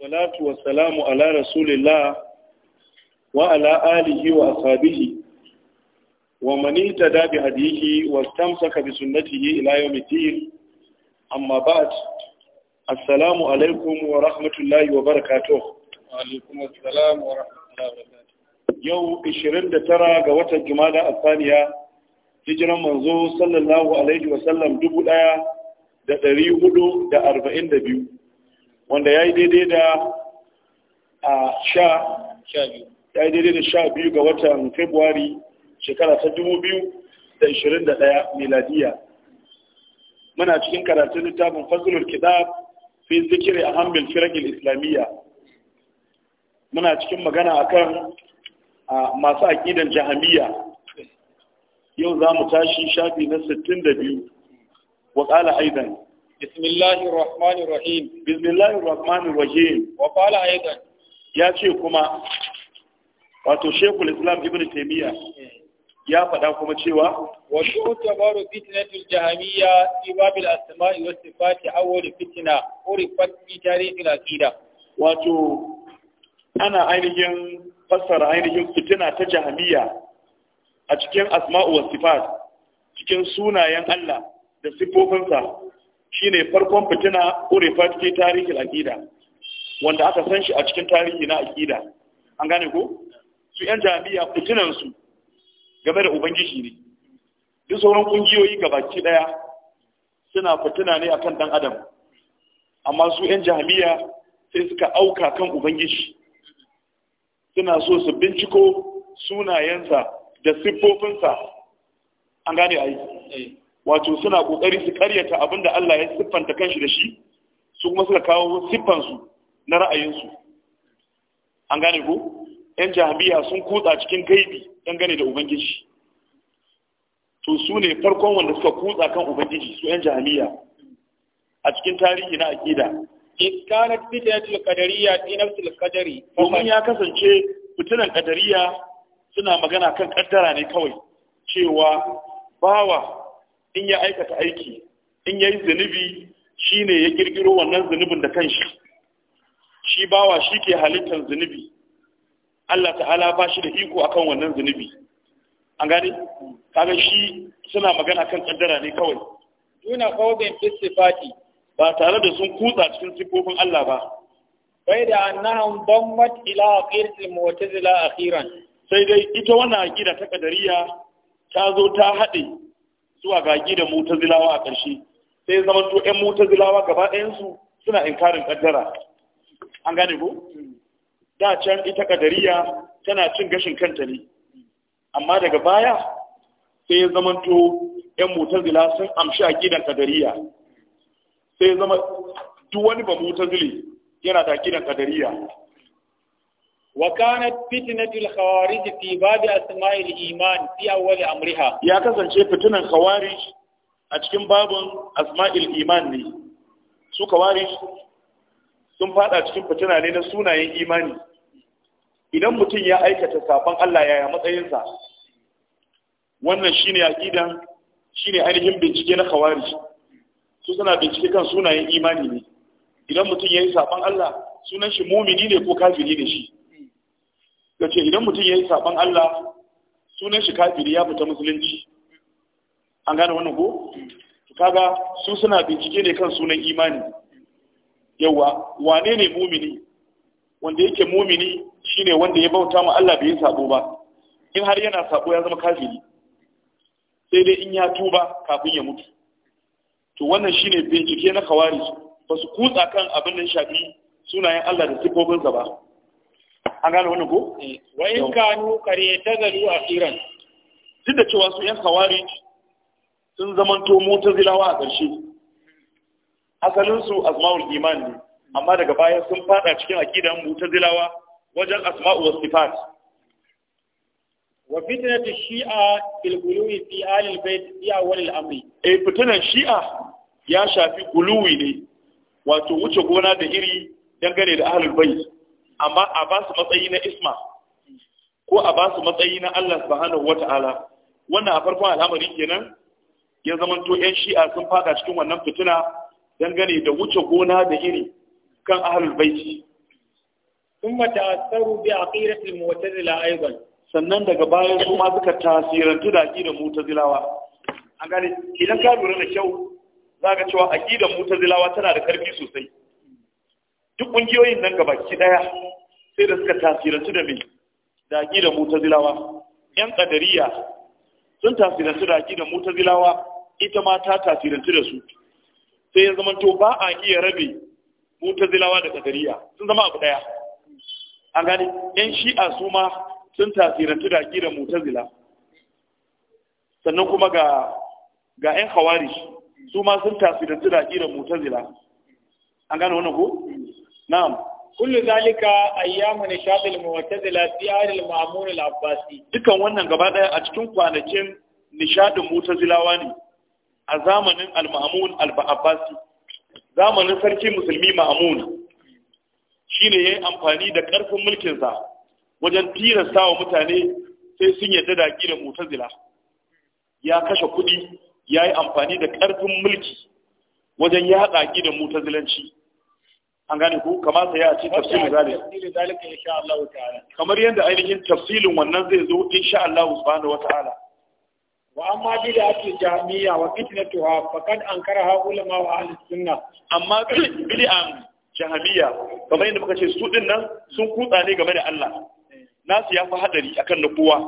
salatu wa salamu ala rasulillah wa ala alihi wa ashabihi wa man ittaba bi hadihi wa istamsaka bi sunnatihi ila yawmiddin amma ba'd assalamu alaikum wa rahmatullahi wa barakatuh wa alaikum assalam wa rahmatullahi wa barakatuh yau 29 ga watan jumada asaniya hijiran manzo sallallahu alaihi wa sallam 1442 wanda ya yi daidai da a sha ya yi daidai da sha biyu ga watan februari shekara ta dubu biyu da ishirin da ɗaya miladiya muna cikin karatun littafin fasilul kitab fi zikiri a hambil firagil islamiyya muna cikin magana akan masu aƙidan jahamiyya yau za mu tashi shafi na sittin wa ƙala aidan بسم الله الرحمن الرحيم بسم الله الرحمن الرحيم وقال أيضا يا شيخما wato shekul islam ibn taymiya ya faɗa kuma cewa wa tu'tabaru fitnatul jahamiyya fi babil asma'i was sifati awwal fitna urifat fi tarihi al-aqida wato ana ainihin fassara ainihin fitina ta jahamiyya a cikin asma'u was sifat cikin sunayen Allah da sifofinsa shine farkon fitina urefa cikin tarihin aqida wanda aka san shi a cikin tarihi na aqida an gane ko su yan jami'a fitinan su game da ubangiji ne duk sauran kungiyoyi gabaki daya suna fitina ne akan dan adam amma su yan jami'a sai suka auka kan ubangiji suna so su binciko sunayensa da siffofinsa an gane ai eh. wato suna kokari su karyata abin da Allah ya siffanta kanshi da shi su kuma suka kawo siffansu na ra'ayinsu an gane ko yan jahabiya sun kutsa cikin gaibi gane da ubangiji to su ne farkon wanda suka kutsa kan ubangiji su yan jahabiya? a cikin tarihi na aqida iskanat fitnatul qadariya dinatul qadari domin ya kasance fitinan qadariya suna magana kan kaddara ne kawai cewa bawa in ya aikata aiki in ya yi zunubi ne ya kirkiro wannan zunubin da kanshi shi bawa shi ke halittar zunubi Allah ta'ala ba shi da iko akan wannan zunubi an gane kaga shi suna magana kan kaddara ne kawai duna kawo bin fisifati ba tare da sun kutsa cikin sifofin Allah ba bai da annahum dammat ila aqidatil mu'tazila akhiran sai dai ita wannan aqida ta kadariya ta zo ta hade zuwa ga da mutazilawa a ƙarshe sai ya zama to ƴan mutazilawa gaba ɗayansu suna inkarin ƙaddara. an gane ko da can ita ƙadariya tana cin gashin kanta ne amma daga baya sai ya zama to ƴan mutazila sun amshi gidan ƙadariya. sai ya zama duk wani ba mutazili yana da gidan ƙadariya. وكانت فتنة الخوارج في باب أسماء الإيمان في أول أمرها يا كسان شيء فتنة الخوارج cikin باب أسماء الإيمان لي Su خوارج sun fada cikin fitina ne na sunayen imani idan mutum ya aikata sabon Allah yaya matsayinsa wannan shine aqidan shine ainihin bincike na khawarij su suna bincike kan sunayen imani ne idan mutum yayi sabon Allah sunan shi mumini ne ko kafiri ne shi ya ce idan mutum ya yi saɓon Allah sunan shi kafiri ya fita musulunci an gane wannan ko kaga su suna bincike ne kan sunan imani yawa wane ne mumini wanda yake mumini shine wanda ya bauta ma Allah bai yi sabo ba in har yana sabo ya zama kafiri sai dai in ya tuba kafin ya mutu to wannan shine bincike na khawarij ba su kutsa kan abin da shafi sunayen Allah da sifofinsa ba an gano wani ko eh, wa in kanu a iran duk da cewa su yan kawari sun zamanto zilawa a ƙarshe asalinsu asma'ul iman ne amma daga baya sun fada cikin akidan zilawa wajen asma'u was sifat wa fitnatu shi'a fil guluwi fi alil bait fi wani al amri eh fitnan shi'a ya shafi guluwi ne wato wuce gona da iri dangane da ahlul bait amma a ba su matsayi na isma ko a ba su matsayi na Allah subhanahu wata'ala wannan a farkon al'amari kenan ya zamanto yan shi'a sun fada cikin wannan fitina dangane da wuce gona da iri kan ahlul baiti tsaro bi بعقيدة mu'tazila أيضا sannan daga bayan su ma suka tasirantu da aqidar mutazilawa an gane idan ka lura da kyau za ka cewa aqidar mutazilawa tana da karfi sosai duk ƙungiyoyin nan gaba ki ɗaya, sai da suka tasirantu da me da aqidar mutazilawa yan ƙadariya sun tasirantu da aqidar mutazilawa ita ma ta tasirantu da su sai ya zama to ba a iya rabe mutazilawa da ƙadariya sun zama abu ɗaya. an gani yan shi'a su ma sun tasirantu da aqidar mutazila sannan kuma ga ga yan khawarij su ma sun tasirantu da aqidar mutazila an gane wannan ko na'am كل zalika ايام نشاط المعتزله fi aril ma'mun abbasi dukan wannan gaba daya a cikin kwanakin nishadin mu'tazilawa ne a zamanin al ma'mun al abbasi zamanin sarki musulmi ma'mun shine yayin amfani da karfin mulkin sa wajen tilasta wa mutane sai sun yadda da kira mu'tazila ya kashe kuɗi yayi amfani da ƙarfin mulki wajen yaɗa gidan mu'tazilanci an gane ku kamar sai ya ci tafsirin zalika insha Allah ta'ala kamar yadda ainihin tafsilin wannan zai zo insha Allah subhanahu wata'ala wa amma bid'atu jami'a wa fitnatuha faqad ankaraha ulama wa ahli sunna amma bid'a jahmiya kamar yadda muka ce su din nan sun kutsa ne game da Allah nasu ya fi hadari akan na kowa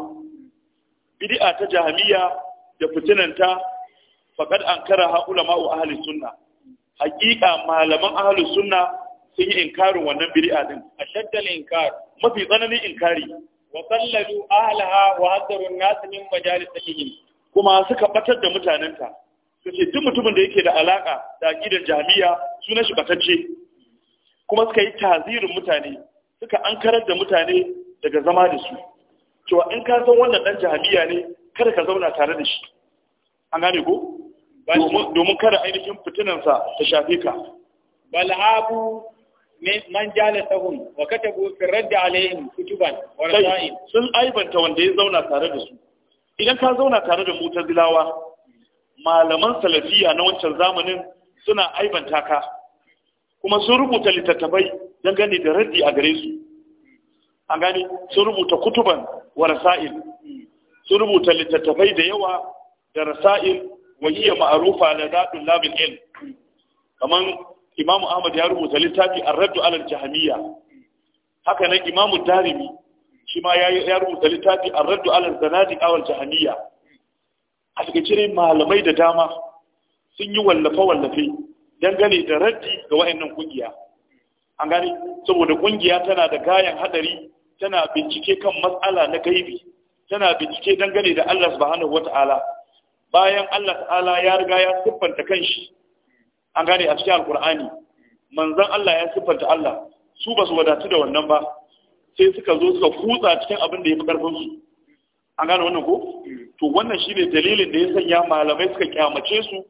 bid'a ta jahmiya da fitinanta faqad ankaraha ulama wa ahli sunna haƙiƙa malaman ahlus sunna sun yi inkarin wannan biri'a din A ashaddal inkar mafi tsananin inkari wa sallalu ahlaha wa hadaru an-nas min al-ilm kuma suka batar da mutanenta suke duk mutumin da yake da alaka da aqidar jami'a sunan shi batacce kuma suka yi tazirin mutane suka ankarar da mutane daga zama da su cewa in ka san wannan dan jami'a ne kada ka zauna tare da shi an gane ko domin kada ainihin fitinansa ta shafe ka bal'abu man sahun wa katabu fi raddi alaihim kutuban wa rasail sun aibanta wanda ya zauna tare da su idan ka zauna tare da mutazilawa malaman salafiya na wancan zamanin suna aibanta ka kuma sun rubuta littattafai dangane da raddi a gare su an gane sun rubuta kutuban wa rasail sun rubuta littattafai da yawa da rasail wa hiya ma'rufa la dadul labil ilm kaman imamu ahmad ya rubuta littafi a raddu ala haka nan imamu darimi shi ma ya rubuta littafi a raddu ala al-zanadiqa wal jahmiyya a cire malamai da dama sun yi wallafe-wallafe dangane da raddi ga wa'annan kungiya an gani saboda kungiya tana da gayan hadari tana bincike kan matsala na gaibi tana bincike dangane da Allah subhanahu wata'ala bayan Allah ta'ala ya riga ya siffanta kanshi an gane a cikin alkur'ani manzon Allah ya siffanta Allah su ba su wadatu da wannan ba sai suka zo suka kutsa cikin abin da ya fi karfin su an gane wannan ko to wannan shi ne dalilin da ya sanya malamai suka kyamace su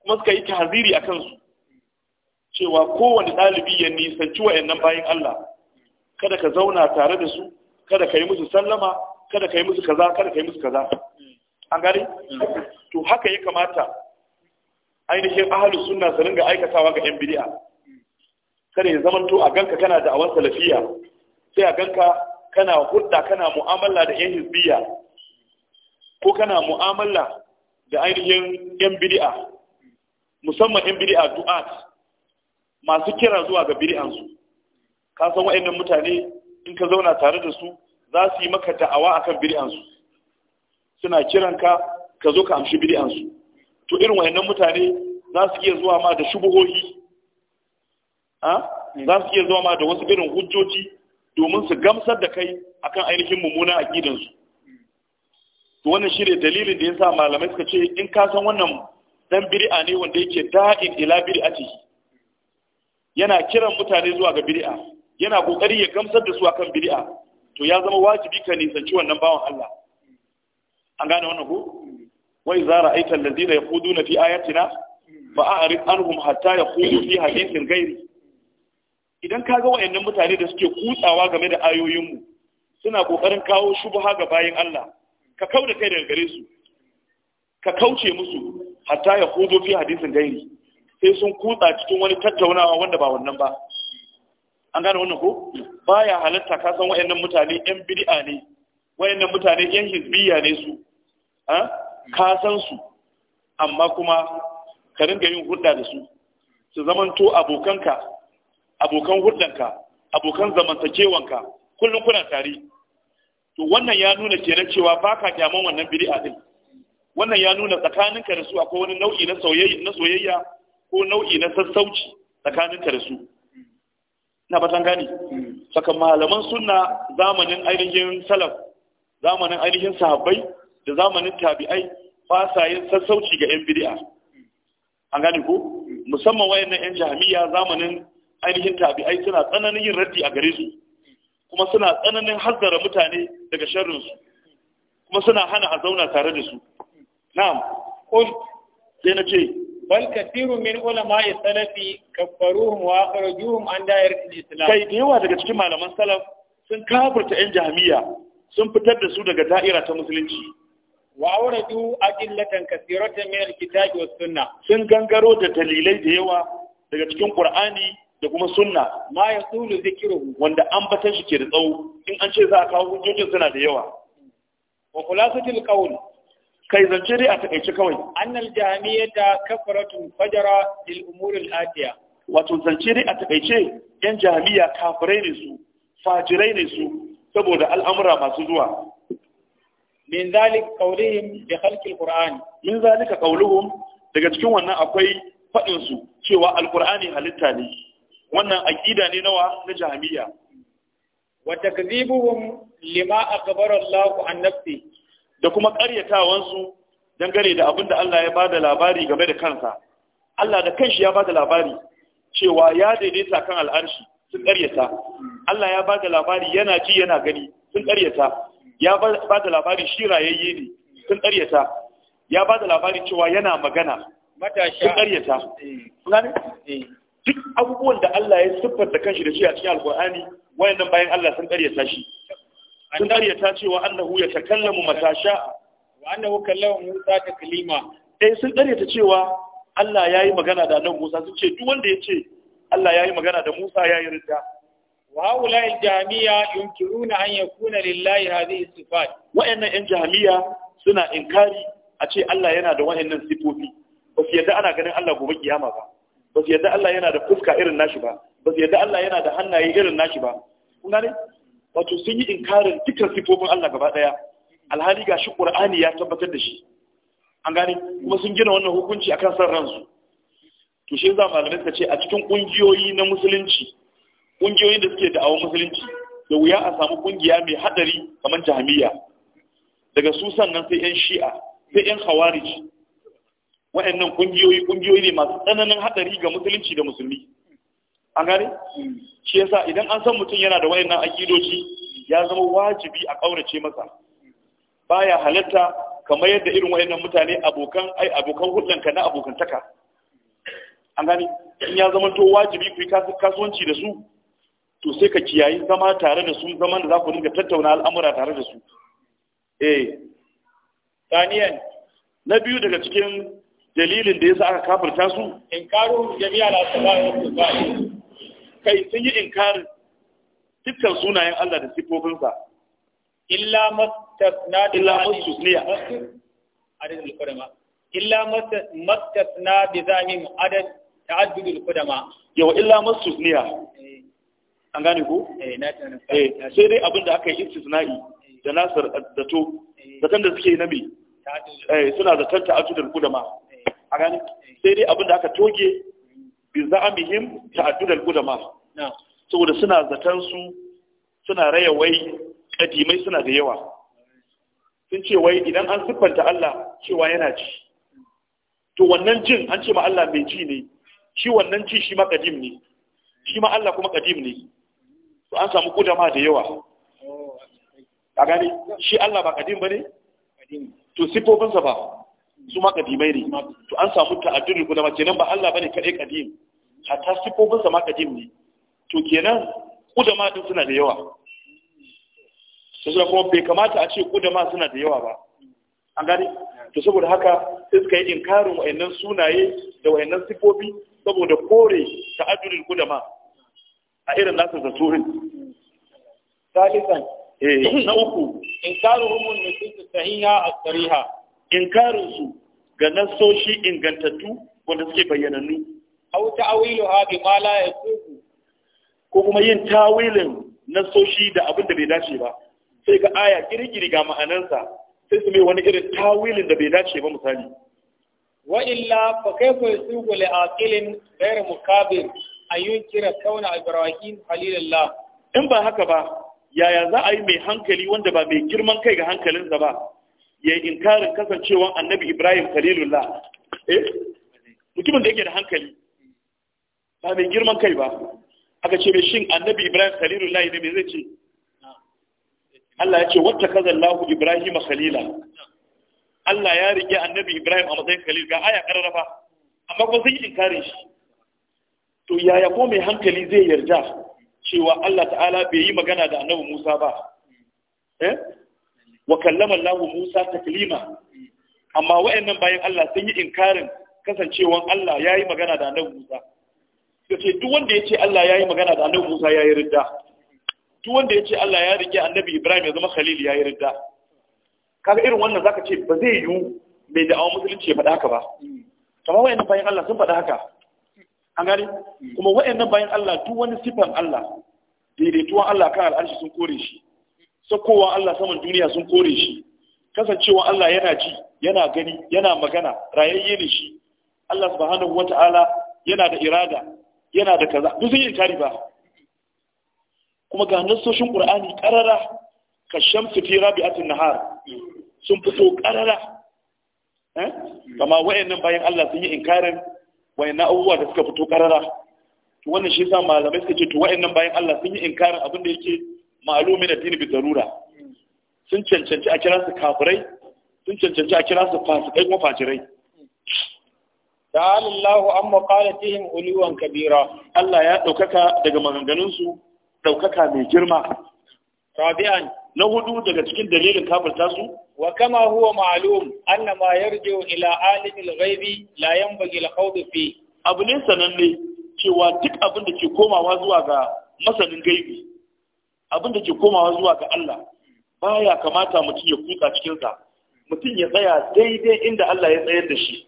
kuma suka yi tahziri a kansu cewa kowane ɗalibi ya nisanci wa'annan bayan Allah kada ka zauna tare da su kada ka yi musu sallama kada ka yi musu kaza kada ka yi musu kaza an gane to haka ya kamata ainihin ahalus sunna su ringa aikatawa ga yan bid'a kada ya zamanto a ganka kana da awan salafiya sai a ganka kana hudda kana mu'amala da yan hizbiya ko kana mu'amala da ainihin yan bid'a musamman yan bid'a du'at masu kira zuwa ga bid'ansu ka san wa'annan mutane in ka zauna tare da su za su yi maka da'awa akan bid'ansu suna kiranka ka zo ka amshi bid'ansu to irin wayannan mutane za su iya zuwa ma da shubuhohi hmm. za su iya zuwa ma da wasu irin hujjoji domin su gamsar da kai akan ainihin a gidansu. to wannan shine dalilin da ya sa malamai suka ce in ka san wannan dan bid'a ne wanda yake da'in ila bid'atihi yana kiran mutane zuwa ga bid'a yana kokari ya gamsar da su akan bid'a to ya zama wajibi ka nisanci wannan bawan Allah an gane wannan ko hmm. wa idza ra'aita alladhina yakhuduna fi ayatina fa a'rid anhum hatta yakhudu fi hadithin ghairi idan ka ga wayannan mutane da suke kutsawa game da ayoyinmu suna kokarin kawo shubha ga bayin Allah ka kauda kai daga gare su ka kauce musu hatta ya hudu fi hadisin gairi sai sun kutsa cikin wani tattaunawa wanda ba wannan ba an gane wannan ko baya halatta ka san wayannan mutane yan bid'a ne wayannan mutane yan hizbiya ne su ha ah? ka san su amma kuma ka ringa yin hulɗa da su su zamanto abokanka abokan hulɗanka abokan zamantakewanka kullum kuna tare to wannan ya nuna kenan cewa baka kyaman wannan bid'a din wannan ya nuna tsakaninka da su akwai wani nau'i na soyayya na soyayya ko nau'i na sassauci tsakaninka da su na batan gani saka malaman sunna zamanin ainihin salaf zamanin ainihin sahabbai da zamanin tabi'ai ba sa yin sassauci ga 'yan bid'a an gane ko musamman nan 'yan jami'a zamanin ainihin tabi'ai suna tsananin yin raddi a gare su kuma suna tsananin hazzara mutane daga sharrin su kuma suna hana a zauna tare da su na'am qul sai na ce bal kathiru min ulama salafi kafaruhum wa akhrajuhum an al islam kai da yawa daga cikin malaman salaf sun kafirta 'yan jami'a sun fitar da su daga da'ira ta musulunci wa awradu adillatan kathiratan min alkitabi was sunna sun gangaro da dalilai da yawa daga cikin qur'ani da kuma sunna ma yasulu zikruhu wanda ambatan shi ke da tsawo in an ce za a kawo hujjojin suna da yawa wa khulasatul qawl kai zance dai a takaice kawai annal jami'ata kafaratun fajara lil umuri al atiya wato zance dai a takaice yan jami'a kafirai ne su fajirai ne su saboda al'amura masu zuwa min zalika qawlihim bi khalqi alqur'ani min zalika qawluhum daga cikin wannan akwai fadin su cewa alqur'ani halitta ne wannan aqida ne nawa na jahmiya wa takdhibuhum lima akbara Allah an nafsi da kuma ƙaryatawan su dangane da abinda Allah ya bada labari game da kansa Allah da kanshi ya bada labari cewa ya daidaita kan al'arshi sun ƙaryata Allah ya bada labari yana ji yana gani sun ƙaryata ya ba da labari shi rayayye ne sun ƙaryata ya ba da labari cewa yana magana sun ƙaryata eh. duk abubuwan da Allah ya siffar da kanshi da shi a cikin alƙur'ani wayannan bayan Allah sun ƙaryata shi sun ƙaryata cewa annahu ya takallamu matasha wa annahu kallama Musa taklima eh sun ƙaryata cewa Allah ya yi magana da nan Musa sun ce duk wanda ya ce Allah ya yi magana da Musa ya yi ridda وهؤلاء الجامية ينكرون أن يكون لله هذه الصفات وإن جامية سنة إنكاري أشي الله ينادى وإن الصفوفي بس يدى أنا قال الله يا مبا بس يدى الله ينادى كفكة إير الناشبة بس يدى الله ينادى حنا إير الناشبة kunane wato sun yi inkarin dukkan sifofin Allah gaba daya alhali ga shi Qur'ani ya tabbatar da shi an gane kuma sun gina wannan hukunci akan san ransu to za ce a cikin kungiyoyi na musulunci ƙungiyoyin da suke da'awar musulunci da wuya a samu ƙungiya mai hadari kamar jahamiya daga su sannan sai 'yan shi'a sai 'yan khawarij wa'annan kungiyoyi ƙungiyoyi ne masu tsananin hadari ga musulunci da musulmi an gane shi yasa idan an san mutum yana da wa'annan akidoji ya zama wajibi a ƙaurace masa baya halatta kamar yadda irin wa'annan mutane abokan ai abokan hulɗanka na abokantaka an gane in ya zama to wajibi ku yi kasuwanci da su to sai ka kiyayi zama tare da su zaman da za ku dinga tattauna al'amura tare da su eh saniyan na biyu daga cikin dalilin da yasa aka kafirta su inkaru jami'a la salatu wa kai sun yi inkar dukkan sunayen Allah da sa illa mastasna illa mastusniya adadul qadama illa mastasna bi zamin adad ta'addudul qadama yau illa mastusniya eh. an gane ko eh, eh, sai dai abin da aka yi istisna'i da nasar zato eh. zaton da suke na me suna zaton ta'addudul qudama a gane sai dai abin da aka toge bi za'amihim da qudama saboda suna zaton su suna raya wai kadimai suna da yawa sun ce wai idan an siffanta Allah cewa yana ci to wannan jin an ce ma Allah mai ci ne shi wannan ci shi ma kadim ne shi ma Allah kuma kadim ne to an samu ma da yawa a gani shi Allah ba kadim ba ne to sifofinsa ba su ma kadimai ne to an samu ta'addudul kudama kenan ba Allah ba ne kaɗai kadim hatta sifofinsa ma kadim ne to kenan ma din suna da yawa sai kuma bai kamata a ce ma suna da yawa ba an gani to saboda haka sai suka yi inkarin wayannan sunaye da wayannan sifofi saboda kore ta'addudul ma a irin nasu zaturin salisan eh, na uku rumun inkaruhum nusus sahiha as-sariha inkarin su ga nasoshi ingantattu wanda suke bayyanannu ha bi mala ya yasuhu ko kuma yin tawilin nasoshi da abin da bai dace ba sai ga aya girgiri ga ma'anarsa sai su mai wani irin tawilin da bai dace ba misali wa illa fa kayfa yasuhu li aqilin ghayr mukabir an yunkira kauna Ibrahim Khalilullah in ba haka ba yaya za a yi mai hankali wanda ba mai girman kai ga hankalinsa ba ya yi inkarin kasancewan annabi Ibrahim Khalilullah eh mutumin da yake da hankali ba mai girman kai ba aka ce mai shin annabi Ibrahim Khalilullah ne me zai ce Allah ya ce wata kazallahu Ibrahim Khalila Allah ya rike annabi Ibrahim a matsayin Khalil ga aya kararrafa amma kuma sun yi inkarin shi to yaya ko mai hankali zai yarda cewa Allah ta'ala bai yi magana da annabi Musa ba eh wa kallama Allah Musa taklima amma wayannan bayan Allah sun yi inkarin kasancewan Allah ya yi magana da annabi Musa yace duk wanda ya ce Allah ya yi magana da annabi Musa ya yi ridda duk wanda ya ce Allah ya rike annabi Ibrahim ya zama khalil ya yi ridda kaga irin wannan zaka ce ba zai yiwu mai da'awar musulunci ya faɗa haka ba kamar wayannan bayan Allah sun faɗa haka an gani kuma wa'annan bayan Allah duk wani sifan Allah daidaituwan Allah kan al'arshi sun kore shi sakowa Allah saman duniya sun kore shi kasancewa Allah yana ji yana gani yana magana rayayye ne shi Allah subhanahu wata'ala yana da irada yana da kaza duk sun yi inkari ba kuma ga nassoshin Qur'ani karara ka shamsu fi rabi'atin nahar sun fito karara eh kama wa'annan bayan Allah sun yi inkarin na abubuwa da suka fito karara to wannan shi yasa malamai suka ce to wayannan bayan Allah sun yi inkarin abin da yake ma'lumin addini bi darura sun cancanci a kira su kafirai sun cancanci a kira su fasikai kuma fajirai ta'ala amma an maqalatihim uluwan kabira Allah ya daukaka daga maganganun su daukaka mai girma rabi'an na hudu daga cikin dalilin kafirta su wa kama huwa ma'lum anna ma yarji'u ila al ghaibi la yanbaghi al-khawd fi abu sananne cewa duk abin da ke komawa zuwa ga masanin gaibi abin ke komawa zuwa ga Allah baya kamata mutum ya kuka cikin sa mutum ya tsaya daidai inda Allah ya tsayar da shi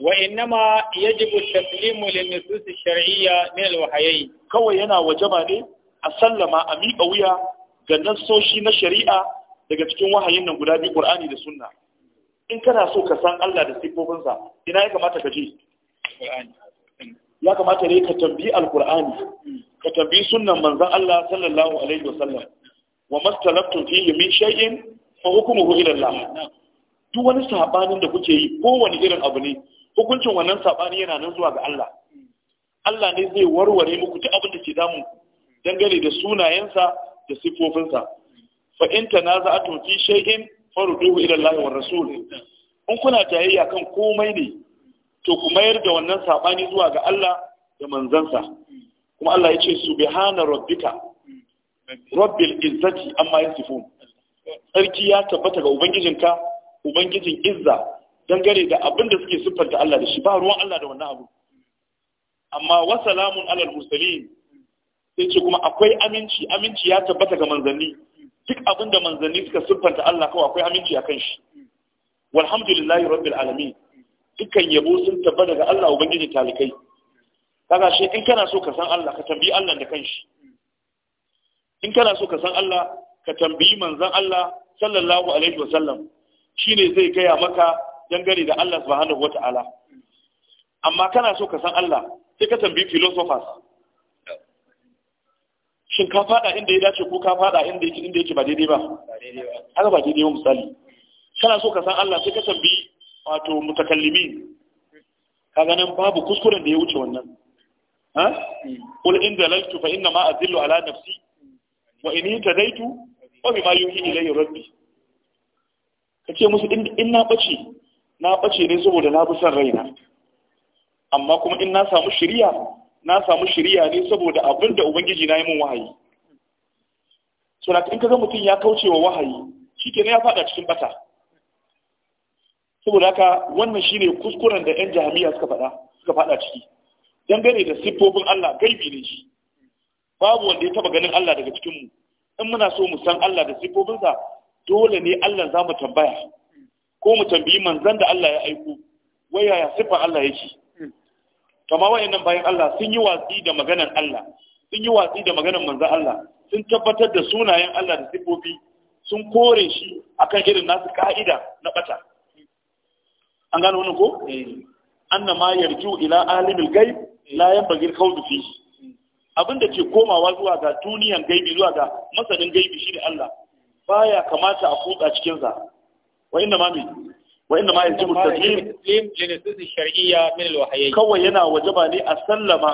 wa innama yajibu taslimu lin nusus shar'iyya min al-wahayi kawai yana wajaba ne a sallama a miƙa wuya ga nasoshi na shari'a daga cikin wahayin nan guda biyu Qur'ani da Sunna in kana so ka san Allah da sifofinsa ina ya kamata ka je ya kamata ne ka tambayi qurani ka tambayi sunnan manzon Allah sallallahu alaihi wasallam wa mastalaftu fihi min shay'in fa hukmuhu ila Allah duk wani sabanin da kuke yi kowane irin abu ne hukuncin wannan sabani yana nan zuwa ga Allah Allah ne zai warware muku duk abin da ke damu dangane da sunayensa da sifofinsa fa in tanaza'tum fi shay'in farduhu ila Allah wa rasul in kuna tayayya kan komai ne to ku mayar da wannan sabani zuwa ga Allah da manzansa kuma Allah ya ce subhana rabbika rabbil izzati amma yasifun sarki ya tabbata ga ubangijinka ubangijin izza dangare da abin da suke siffanta Allah da shi ba ruwan Allah da wannan abu amma wa salamun alal mursalin sai ce kuma akwai aminci aminci ya tabbata ga manzanni duk abin da manzanni suka siffanta Allah kawai akwai aminci kan shi walhamdulillahi rabbil alamin dukkan yabo sun tabbata ga Allah ubangiji talikai kaga shi in kana so ka san Allah ka tambayi Allah da kanshi in kana so ka san Allah ka tambayi manzon Allah sallallahu alaihi wa sallam shine zai gaya maka dangane da Allah subhanahu wataala amma kana so ka san Allah sai ka tambayi philosophers shin ka fada inda ya dace ko ka fada inda yake inda yake ba daidai ba haka ba daidai ba misali kana so ka san Allah sai ka tambi wato mutakallimi kaga nan babu kuskuren da ya wuce wannan ha qul in dalaltu fa inna ma azillu ala nafsi wa in tadaitu wa bima yuhi ilayya rabbi kace musu in na bace na bace ne saboda na bi san raina amma kuma in na samu shari'a na samu shirya ne saboda abin da ubangiji na yi min wahayi so na in kaga mutum ya kauce wa wahayi shi ke ya fada cikin bata saboda haka wannan shine kuskuren da yan jami'a suka fada suka fada ciki da siffofin Allah gaibi ne shi babu wanda ya taba ganin Allah daga cikin mu in muna so mu san Allah da siffofinsa dole ne Allah za mu tambaya ko mu tambayi manzon da Allah ya aiko wai yaya siffar Allah yake kama wayannan bayan Allah sun yi watsi da maganar Allah sun yi watsi da maganar manzo Allah sun tabbatar da sunayen Allah da sifofi sun kore shi akan irin nasu ka'ida na bata an gano wannan ko eh. anna ma yarju ila alimil ghaib la yanbaghi al-khawd fi abinda ke komawa zuwa ga duniyan gaibi zuwa ga masanin gaibi ne Allah baya kamata a kutsa cikin sa wa inna ma min wa'inda ma التسليم taslim linusus من min alwahyi kawai وجب wajaba ne a sallama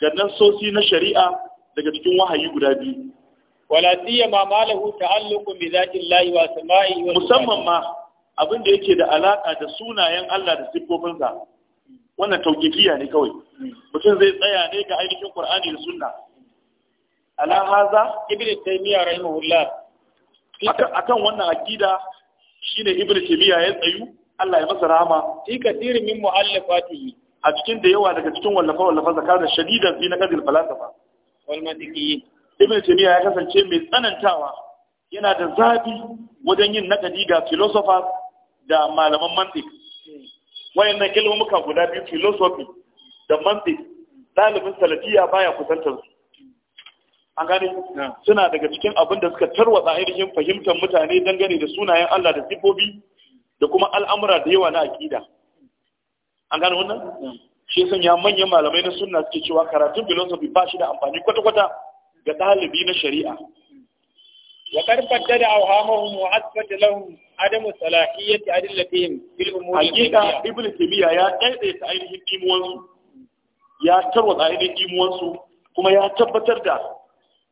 ga nasosi na shari'a daga cikin wahayi guda biyu wala siyama ma lahu ta'alluqun bi ma abin da yake da alaka da sunayen Allah da sifofinsa wannan tauqifiya ne kawai mutum zai tsaya ne ga ainihin Qur'ani da Sunna ala haza ibn taymiya rahimahullah akan wannan akida shine ibnu taymiya ya tsayu Allah ya masa rahama fi kathirin min mu'allafatihi a cikin da yawa daga cikin wallafa wallafa zakar shadidan fi naqdil falsafa wal mantiqi ibnu ya kasance mai tsanantawa yana da zafi wajen yin nakadi ga philosophers da malaman mantiq wayannan ilmuka guda biyu philosophy da mantiq dalibin salafiya baya kusantar suna daga cikin abin da suka tarwatsa ainihin fahimtar mutane dangane da sunayen Allah da sifofi da kuma al'amura da yawa na aqida an gane ya manyan malamai na sunna suke cewa karatun philosophy ba shi da amfani kwata-kwata ga dalibi na shari'a wa karfatta da awhamahum wa asbata lahum adamu salahiyyati adillatihim fil umur al-aqida ibnu taymiya ya daidaita ainihin imuwansu ya tarwatsa ainihin imuwansu kuma ya tabbatar da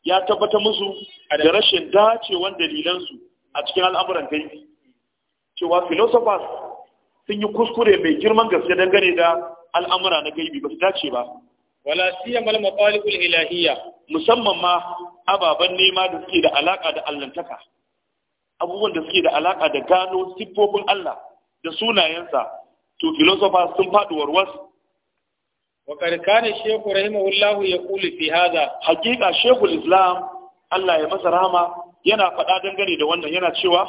ya tabbata musu da rashin dacewan dalilansu a cikin al'amuran gaibi cewa philosophers sun yi kuskure mai girman gaske dangane da al'amura na gaibi ba su dace ba wala siya siyamal maqalikul ilahiyya musamman ma ababen nema da suke da alaka da allantaka abubuwan da suke da alaka da gano siffofin Allah da sunayensa to philosophers sun faɗuwar warwas وقد كان الشيخ رحمه الله يقول في هذا حقيقة شيخ الإسلام الله يمس رحمة yana fada dangane da wannan yana cewa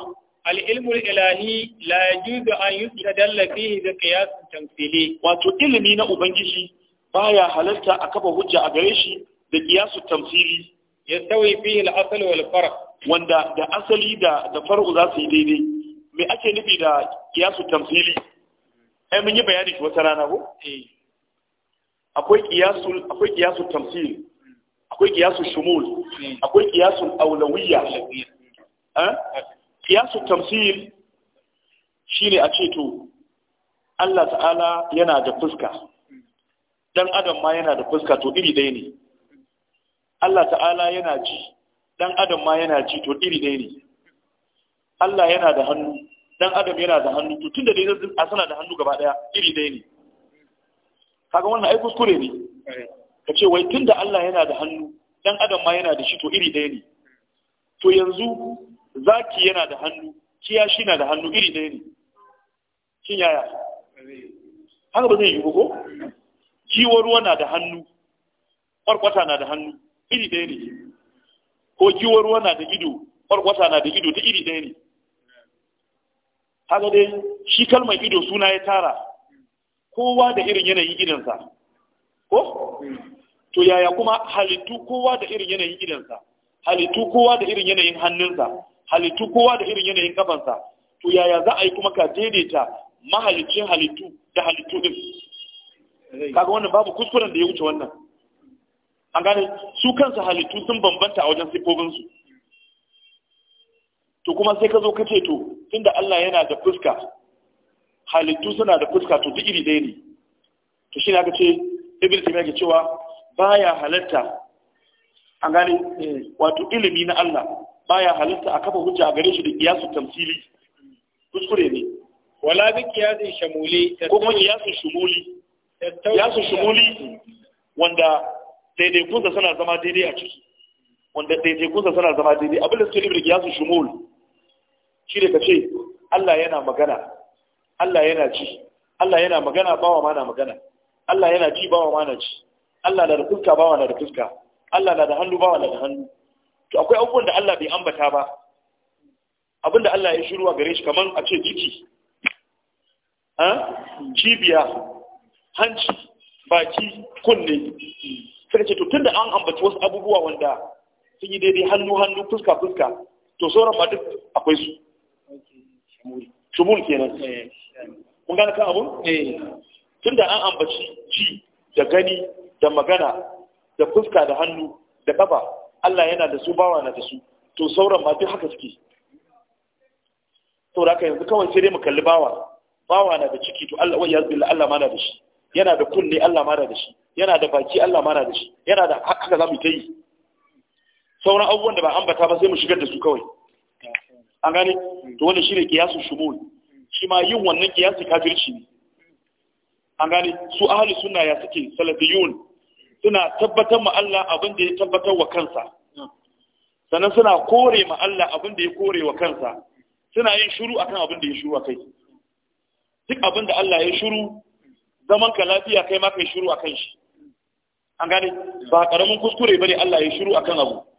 al'ilmul ilahi la yajuzu an yustadalla fihi da qiyas tamthili wato ilimi na ubangiji baya halatta a kafa hujja a gare shi da qiyasu tamthili yastawi fihi al-asl wal farq wanda da asali da da far'u za su yi daidai me ake nufi da qiyasu tamthili ai mun yi bayani shi wata rana ko eh akwai kiyasu tamsil akwai kiyasu shumul akwai qiyasul aulawiyya. Kiyasu eh? tamsil shi shine a ce to Allah ta'ala yana da fuska dan adam ma yana da fuska to iri ɗaya ne Allah ta'ala yana ji dan adam ma yana ji to iri ɗaya ne Allah yana da hannu dan adam yana da hannu to tunda dai a suna da hannu gaba ɗaya iri ɗaya ne kaga wannan ai kuskure ne eh. ka ce wai tunda Allah yana da hannu dan adam ma yana da shi to iri ɗaya ne to yanzu zaki yana da hannu shi na da hannu iri ɗaya ne shin yaya haka ba zai yi ko kiwo ruwa na da hannu kwarkwata na da hannu iri ɗaya ne ko kiwo ruwa na da ido kwarkwata na da ido ta iri ɗaya ne haka dai shi kalmar ido suna ya tara kowa da irin yanayin idansa ko to yaya kuma halittu kowa da irin yanayin idansa halittu kowa da irin yanayin hannunsa halittu kowa da irin yanayin kafansa to yaya za a yi kuma ka daidaita mahalicin halittu da halittu din kaga wannan babu kuskuren da ya wuce wannan an gane su kansu halittu sun bambanta a wajen siffofinsu to kuma sai ka zo ka ce to tunda Allah yana da fuska halittu suna da fuska to duk iri ɗaya ne to shi aka ce ibn taymiya ke cewa baya halatta an gane wato ilimi na Allah baya halatta a kafa hujja a gare shi da kiyasu tamsili kuskure ne wala bi kiyasin shamuli ko kuma kiyasin shumuli kiyasin shumuli wanda kusa suna zama daidai a ciki wanda kusa suna zama daidai abin da suke nufi da kiyasin shumul shi ne ka ce Allah yana magana Allah yana ji Allah yana magana bawa ma na magana Allah yana ji bawa ma na ji Allah na da fuska bawa na da fuska Allah na da hannu bawa na da hannu to akwai abubuwan da Allah bai ambata ba abinda Allah ya shiru gare shi kaman a ce jiki cibiya hanci baki kunne sai ce to tunda an ambaci wasu abubuwa wanda sun yi daidai hannu hannu fuska fuska to sauran ba duk akwai su ke kenan eh. kun gane kan abun eh. tunda an ambaci ji da gani da magana da fuska da hannu da kafa Allah yana da su bawa na da su to sauran ma duk haka suke to da yanzu kawai sai dai mu kalli bawa bawa na da ciki to Allah wai billah Allah ma na da shi yana da kunne Allah ma na da shi yana da baki Allah ma na da shi yana da haka za ta yi sauran abubuwan da ba ambata ba sai mu shigar da su kawai an gane mm. to wannan shine kiyasu shumul shi ma yin wannan kiyasi kafirci ne an gane su ahli sunna ya suke salafiyun suna tabbatar ma Allah abin da ya tabbatar wa kansa mm. sannan suna kore ma Allah abin da ya kore wa kansa suna yin shiru akan abin da ya shiru akai duk abin da Allah ya shiru zaman ka lafiya kai ma kai shiru akan shi an gane mm. ba karamin kuskure bane Allah ya shiru akan abu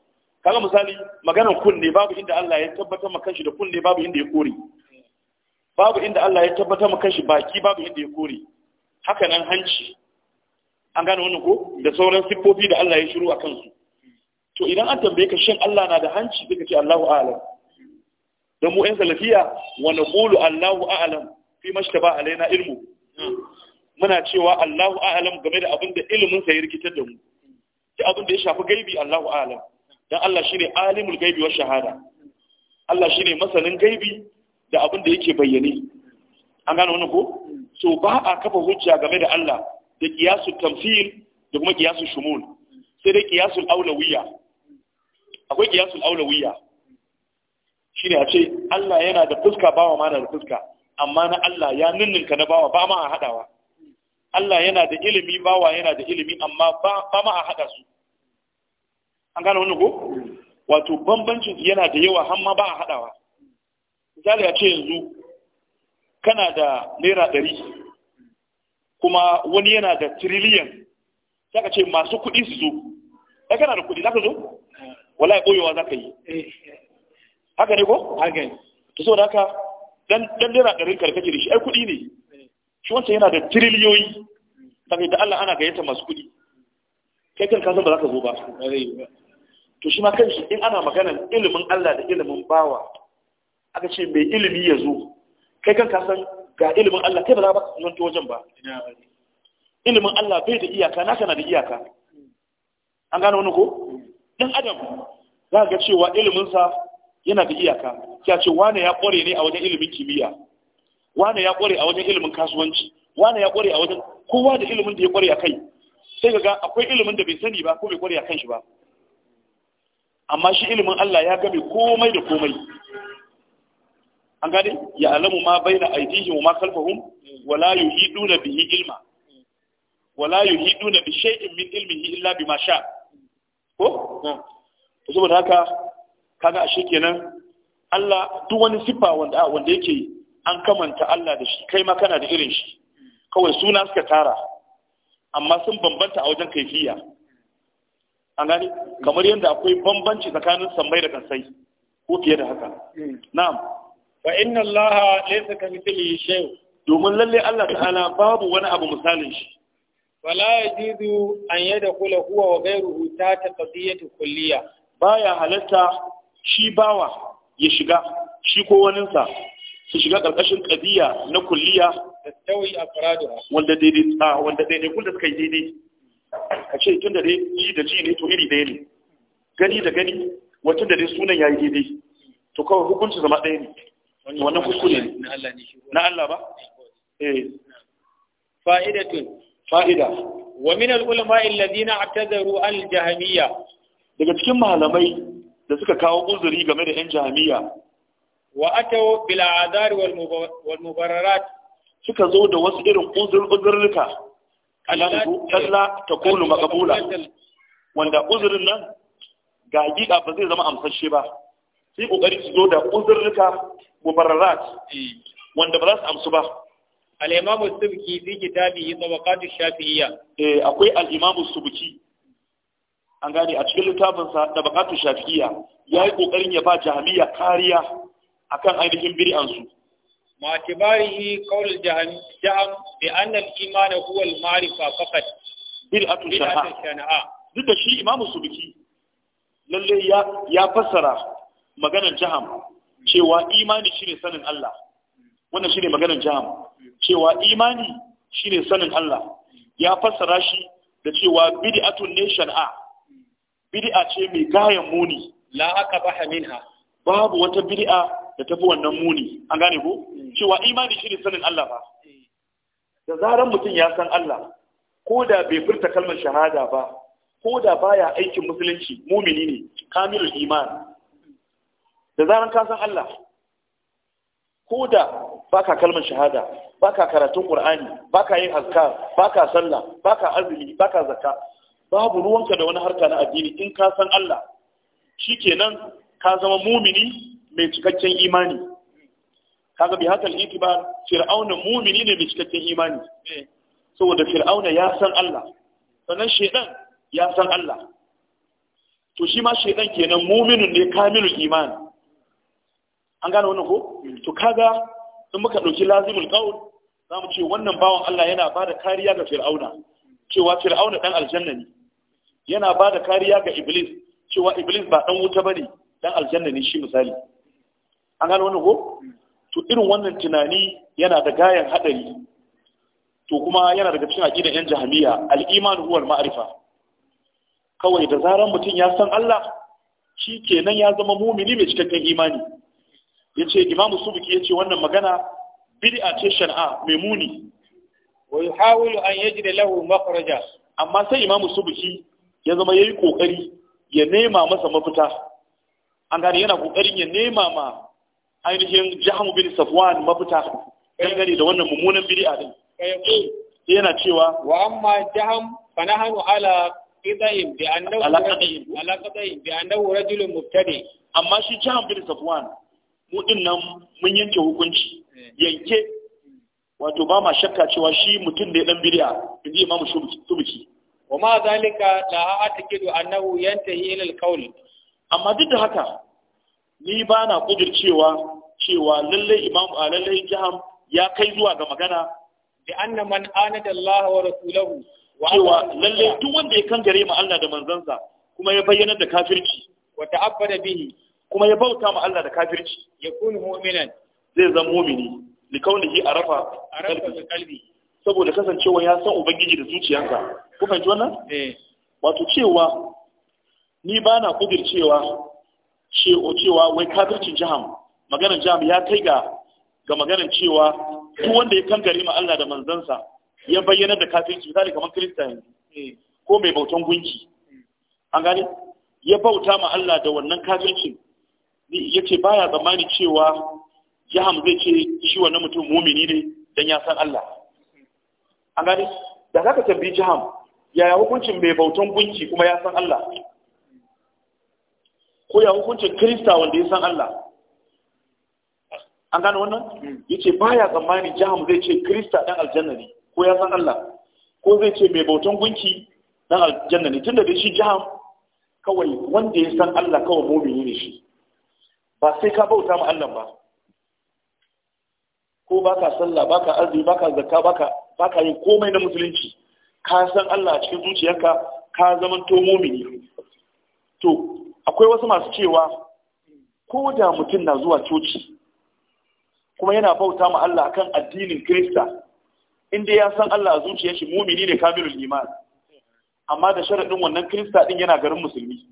kaga misali maganar kunne babu inda Allah ya tabbatar ma shi da kunne babu inda ya kore babu inda Allah ya tabbatar ma shi baki babu inda ya kore haka nan hanci an gane wannan ko da sauran siffofi da Allah ya shiru a kansu to idan an tambaye ka shin Allah na da hanci sai ka ce Allahu a'lam dan mu ɗan salafiya wa naqulu Allahu a'lam fi mashtaba alaina ilmu muna cewa Allahu a'lam game da abin da ilimin sa ya rikitar da mu ta abin da ya shafi gaibi Allahu a'lam dan Allah shine alimul gaibi wa shahada Allah shine masanin gaibi da abin da yake bayyane an gano wannan ko so ba a kafa hujja game da Allah da qiyasu tamthil da kuma qiyasu shumul sai dai qiyasul aulawiya. akwai qiyasul aulawiya. shine a ce Allah yana da fuska bawa ma da fuska amma na Allah ya ninninka na bawa ba ma a hadawa Allah yana da ilimi bawa yana da ilimi amma ba ma a hada su an gane wannan ko wato bambancin yana da yawa har ma ba a hadawa misali a ce yanzu kana da naira ɗari kuma wani yana da tiriliyan ka ce masu kuɗi su zo ai kana da kuɗi za ka zo Wala ya ɓoyewa za ka yi haka ne ko haka so da haka dan dan naira ɗari karkace da shi ai kuɗi ne shi wancan yana da tiriliyoyi saka da Allah ana gayyata masu kuɗi kai kan kasan ba za ka zo ba to shi ma kanshi in ana magana ilimin Allah da ilimin bawa aka ce mai ilimi ya zo kai kan kasan ga ilimin Allah kai ba za ka nan wajen ba ilimin Allah bai da iyaka naka na da iyaka an gano wani ko dan adam za ga cewa iliminsa yana da iyaka ya ce wane ya kware ne a wajen ilimin kimiyya wane ya kware a wajen ilimin kasuwanci wane ya kware a wajen kowa da ilimin da ya kware a kai sai ga akwai ilimin da bai sani ba ko bai kware a kan shi ba amma shi ilimin Allah ya gabe komai da komai an gane ya alamu ma baina aidihim ma khalfahum wala yuhiduna bihi ilma wala yuhiduna bi shay'in min ilmihi illa bima sha ko to saboda haka kaga ashe kenan Allah duk wani sifa wanda wanda yake an kamanta Allah da shi kai ma kana da irin shi kawai suna suka tara amma sun bambanta a wajen kaifiya an gani kamar yadda akwai bambanci tsakanin sammai da kansai ko fiye da haka hmm. na'am fa inna allaha laysa kamithlihi shay domin lalle Allah ta'ala babu wani abu misalin shi wala yajidu an yadkhula huwa wa ghayruhu ta taqdiyatu kulliya baya halatta shi bawa ya shiga shi ko waninsa su shiga ƙarƙashin qadiya na kulliya wanda daidai ah, wanda daidai kun da suka yi daidai ka ce tun da dai ji da ji ne to iri ɗaya ne gani da gani wata da dai sunan ya yi daidai to kawai hukunci zama ɗaya ne wannan kuskure ne na Allah ba eh. Fa'ida tun. fa'ida wa min al-ulama alladhina i'tazaru al-jahmiyya daga cikin malamai da suka kawo uzuri game da yan jahmiyya wa ataw bil a'dar wal mubarrarat suka zo da wasu irin uzurruka kalla ta kulu makabula wanda uzurin nan ga hakika ba zai zama amsashe ba sai kokari su zo da uzurrika mubarrarat wanda ba za su amsu ba al-imam as-subki fi kitabihi tabaqat ash-shafi'iyya eh akwai al-imam as-subki an gane a cikin litafin sa tabaqat ash-shafi'iyya yayi kokarin ya ba jahiliya kariya akan ainihin bir'an su ma tibarihi qaul jaham jaham bi anna al-iman huwa al-ma'rifa faqat bil duk da shi imamu subki lalle ya fassara maganar jaham cewa imani shine sanin Allah wannan shine maganar jaham cewa imani ya fassara shi da cewa bid'atun ne shan'a bid'a ce mai gayan muni la aka baha minha babu wata bid'a da tafi wannan muni an gane ko mm. cewa imani shi ne sanin Allah ba mm. da zaran mutum ya san Allah ko da bai furta kalmar shahada ba ko da baya aikin musulunci mumini ne kamilul iman da zaran ka san Allah ko da baka kalmar shahada baka karatun qur'ani baka yin azkar baka sallah baka azumi baka zakka babu ruwanka da wani harka na addini in ka san Allah shikenan ka zama mumini mai cikakken imani kaga bi haka itibar fir'auna mumini ne mai cikakken imani saboda fir'auna ya san Allah sannan shedan ya san Allah to shi ma shedan kenan muminin ne kamilul imani an gane wannan ko to kaga in muka dauki lazimul qaul za ce wannan bawan Allah yana ba da kariya ga fir'auna cewa fir'auna dan aljanna ne yana ba da kariya ga iblis cewa iblis ba dan wuta bane dan aljanna ne shi misali an gano wannan ko to irin wannan tunani yana da gayan hadari to kuma yana daga cikin aqidar yan jahamiya al-iman huwa al-ma'rifa kawai da zaran mutum ya san Allah shi kenan ya zama mumini mai cikakken imani yace imamu subki yace wannan magana bid'a ce shan'a mai muni wa yuhawilu an yajida lahu makhraja amma sai imamu subki ya zama yayi kokari ya nema masa mafita an gane yana kokarin ya nema ma ainihin jahamu bin safwan mafita dangane da wannan mummunan bid'a din sai yana cewa wa amma jaham fa nahnu ala qidayim bi annahu ala qidayim ala ne. bi annahu rajulun mubtadi amma shi jaham bin safwan mu din nan mun yanke hukunci yanke wato ba ma shakka cewa shi mutum da ya dan bid'a inji imamu shubuki. wa ma zalika la a'taqidu annahu yantahi ila al-qawl amma duk da haka ni ba na kudircewa cewa lallai imam a lallai jiham ya kai zuwa ga magana da anna man da Allah wa rasulahu cewa lallai duk wanda ya kangare ma Allah da manzansa kuma ya bayyana da kafirci wa ta'abbada bihi kuma ya bauta ma Allah da kafirci yakunu mu'minan zai zama mu'mini li kaunihi arafa arafa qalbi saboda kasancewa ya san ubangiji da zuciyarsa kuka ji wannan eh wato cewa ni ba na cewa cewa wai kafircin jiham maganar jiham ya kai ga ga maganar cewa ko wanda ya kangare ma Allah da manzansa ya bayyana da kafirci misali kamar kirista ko mai bautan gunki an gane ya bauta ma Allah da wannan kafirci ya ce baya zamani cewa jiham zai ce shi wannan mutum mumini ne dan ya san Allah an gane da zaka tambayi jiham yaya hukuncin mai bautan gunki kuma ya san Allah ko ya hukunci krista wanda ya san Allah an gano wannan Ya ce ba ya tsammani jaham zai ce kirista dan aljanna ne ko ya san Allah ko zai ce mai bautan gunki dan aljanna ne tunda da shi jihar kawai wanda ya san Allah kawai mumini ne shi ba sai ka bauta ma Allah ba ko baka sallah baka azumi baka zakka baka baka yin komai na musulunci ka san Allah a cikin zuciyarka ka zama to mumini to akwai wasu masu cewa ko da mutum na zuwa coci kuma yana bauta ma Allah kan addinin Kirista inda ya san Allah a zuciyar shi mumini ne kamilul iman amma da sharaɗin wannan Kirista din yana garin musulmi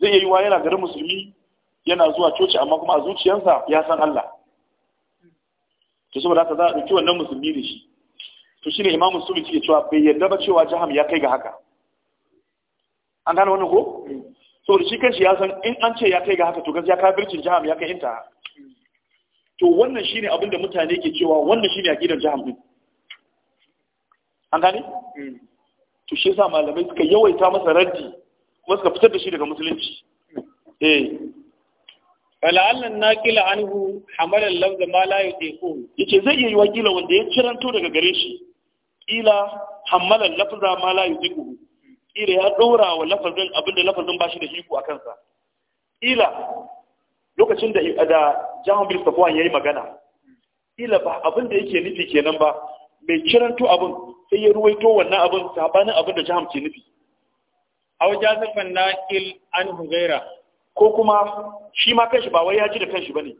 zai yi wa yana garin musulmi yana zuwa coci amma kuma a zuciyarsa ya san Allah to saboda haka za a ɗauki wannan musulmi ne shi to shine imamu sulu ke cewa bai yarda ba cewa jaham ya kai ga haka an gane wannan ko so da shi kanshi ya san in an ce ya kai ga haka to gaskiya kafircin jaham ya kai inta to wannan shine abin da mutane ke cewa wannan shine aqidar jaham din an gane mm. to shi yasa malamai suka yawaita masa raddi kuma suka fitar da shi daga musulunci eh fala'allan na kila an hu hamalar lafza ma la yuteku yace zai iya yiwa wanda ya ciranto daga gare shi kila hamalar lafza ma la yuteku ƙila ya ɗora wa lafazin abinda lafazin ba shi da iko a kansa ƙila lokacin da jahun bin safuwan ya yi magana ƙila ba abin da yake nufi kenan ba mai kiranto abin sai ya ruwaito wannan abin sabanin abin da jahun ke nufi a wajen zafin naƙil an hugaira ko kuma shi ma kanshi ba wai ya ji da kanshi ba ne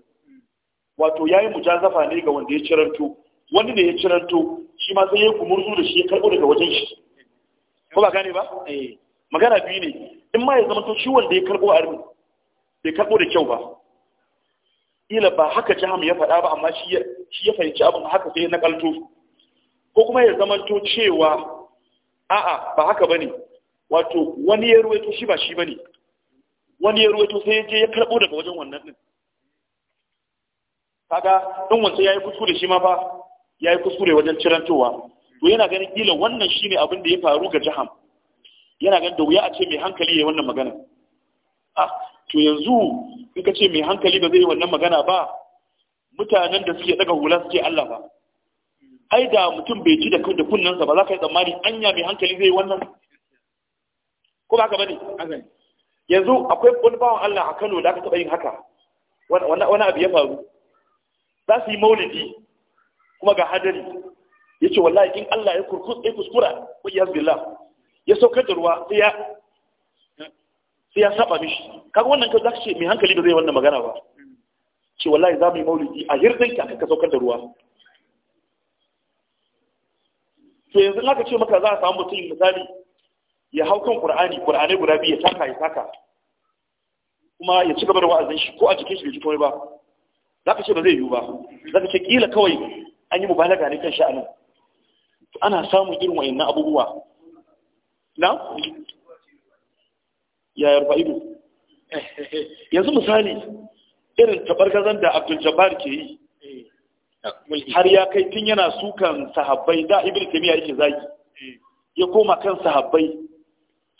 wato ya yi mujazafa ne ga wanda ya ciranto wani ne ya ciranto shi ma sai ya kumurzu da shi ya karɓo daga wajen shi ko ba gane ba eh magana biyu ne in ma ya zama to shi wanda ya karbo armi bai karbo da kyau ba ila ba haka jaham ya faɗa ba amma shi ya fahimci abin haka sai na kalto ko kuma ya zama to cewa a'a ba haka bane wato wani ya ruwaito shi ba shi bane wani ya ruwaito sai ya je ya karbo daga wajen wannan din kaga in wanda yayi kuskure shi ma ba yayi kuskure wajen cirantowa to yana ganin kila wannan shine abin da ya faru ga jaham yana ganin da wuya a ce mai hankali yi wannan magana ah to yanzu in ka ce mai hankali ba zai yi wannan magana ba mutanen da suke daga hula suke Allah ba ai da mutum bai ji da kunnensa ba za ka yi tsammani anya mai hankali zai yi wannan ko ba ka bane yanzu akwai wani bawan Allah a Kano da aka taɓa yin haka wani abu ya faru za su yi maulidi kuma ga hadari ce wallahi in Allah ya kurkus kuskura wa ya billah ya saukar da ruwa sai ya sai ya saba mishi kaga wannan ka zaka ce mai hankali ba zai wannan magana ba ce wallahi za mu yi maulidi a hirdin ka ka saukar da ruwa to yanzu in aka ce maka za a samu mutum misali ya hau kan qur'ani qur'ani guda biyu ya taka ya taka kuma ya ci gaba da wa'azin shi ko a jikin shi bai ji komai ba zaka ce ba zai yiwu ba zaka ce kila kawai an yi mubalaga ne kan sha'anin ana samun irin wayannan abubuwa na ya yarfa ido yanzu misali irin tabargazan da abdul jabbar ke yi har ya kai tun yana sukan sahabbai da ibn taymiya yake zagi ya koma kan sahabbai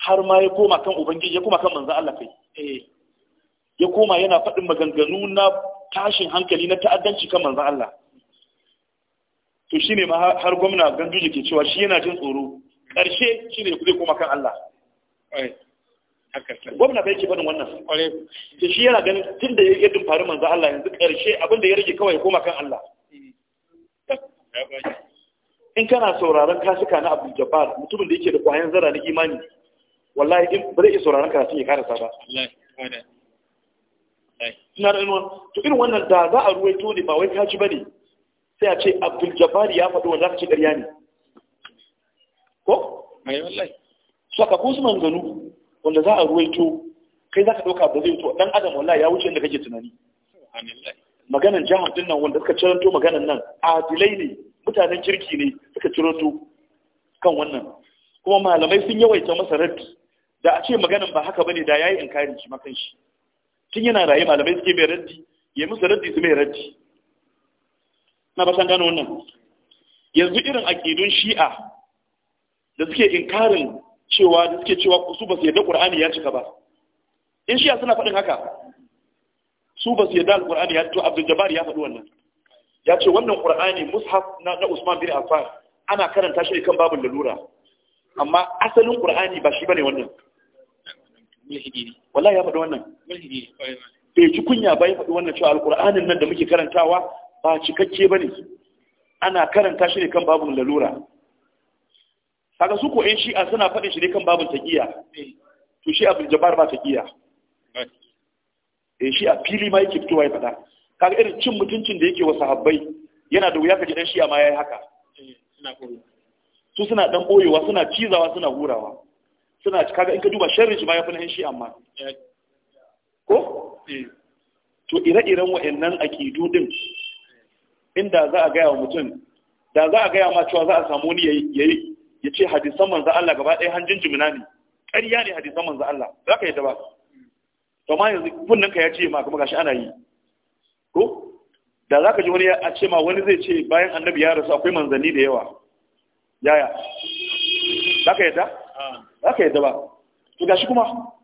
har ma ya koma kan ubangiji ya koma kan manza Allah kai ya koma yana faɗin maganganu na tashin hankali na ta'addanci kan manza Allah to shi ma har gwamna ganduje ke cewa shi yana jin tsoro ƙarshe ne zai koma kan Allah gwamna bai ke faɗin wannan to shi yana ganin tun da ya faru manzo Allah yanzu ƙarshe abin da ya rage kawai ya koma kan Allah hmm. in kana sauraron kasuka na Abu Jabbar mutumin da yake da kwayan zara na imani wallahi in ba zai iya sauraron karatun ya karasa ba ina da irin wannan da za a ruwaito ne ba wai kaci ne. sai a ce abdul jabari ya faɗo wanda ce ƙarya ne ko mai wallahi saka ko su manzanu wanda za a ruwaito kai za ka ɗauka ba zai to dan adam wallahi ya wuce inda kake tunani maganan jihar din nan wanda suka ciranto maganan nan adilai ne mutanen kirki ne suka ciranto kan wannan kuma malamai sun yawaita masa raddi da a ce maganan ba haka bane da yayi inkarin shi makan shi tun yana raye malamai suke mai raddi ya musu raddi su mai raddi na basan gano wannan yanzu irin aƙidun shi'a da suke inkarin cewa da suke cewa su ba su yadda ƙur'ani ya cika ba in shi'a suna faɗin haka su ba su yadda alƙur'ani ya to abdul jabbar ya faɗi wannan ya ce wannan ƙur'ani mushaf na usman bin affan ana karanta shi kan babin lalura amma asalin ƙur'ani ba shi bane wannan wallahi ya faɗi wannan bai ci kunya ba ya faɗi wannan cewa alƙur'anin nan da muke karantawa ba cikakke ba ne ana karanta shi ne kan babin lalura kaga su ko ƴan shi'a suna faɗin shi ne kan babin taƙiya to shi abin jabar ba taƙiya eh shi a fili ma yake fitowa ya faɗa kaga irin cin mutuncin da yake wa sahabbai yana da wuya ka ji dan shi'a ma yayi haka eh, su suna dan boyewa suna cizawa suna hurawa suna kaga in ka duba sharri shi ma fi nan shi'a ma eh. ko eh. to ire-iren wa'annan akidu din inda za a gaya wa mutum da za a gaya ma cewa za a samu wani yayi ya ce hadisan manzo Allah gaba ɗaya hanjin jimina ne ƙarya ne hadisan manzo Allah za ka yadda ba to ma yanzu kunnan ka ya ce ma kuma gashi ana yi ko da za ka ji wani a ce ma wani zai ce bayan annabi ya rasu akwai manzanni da yawa yaya za ka yadda za ka yadda ba to gashi kuma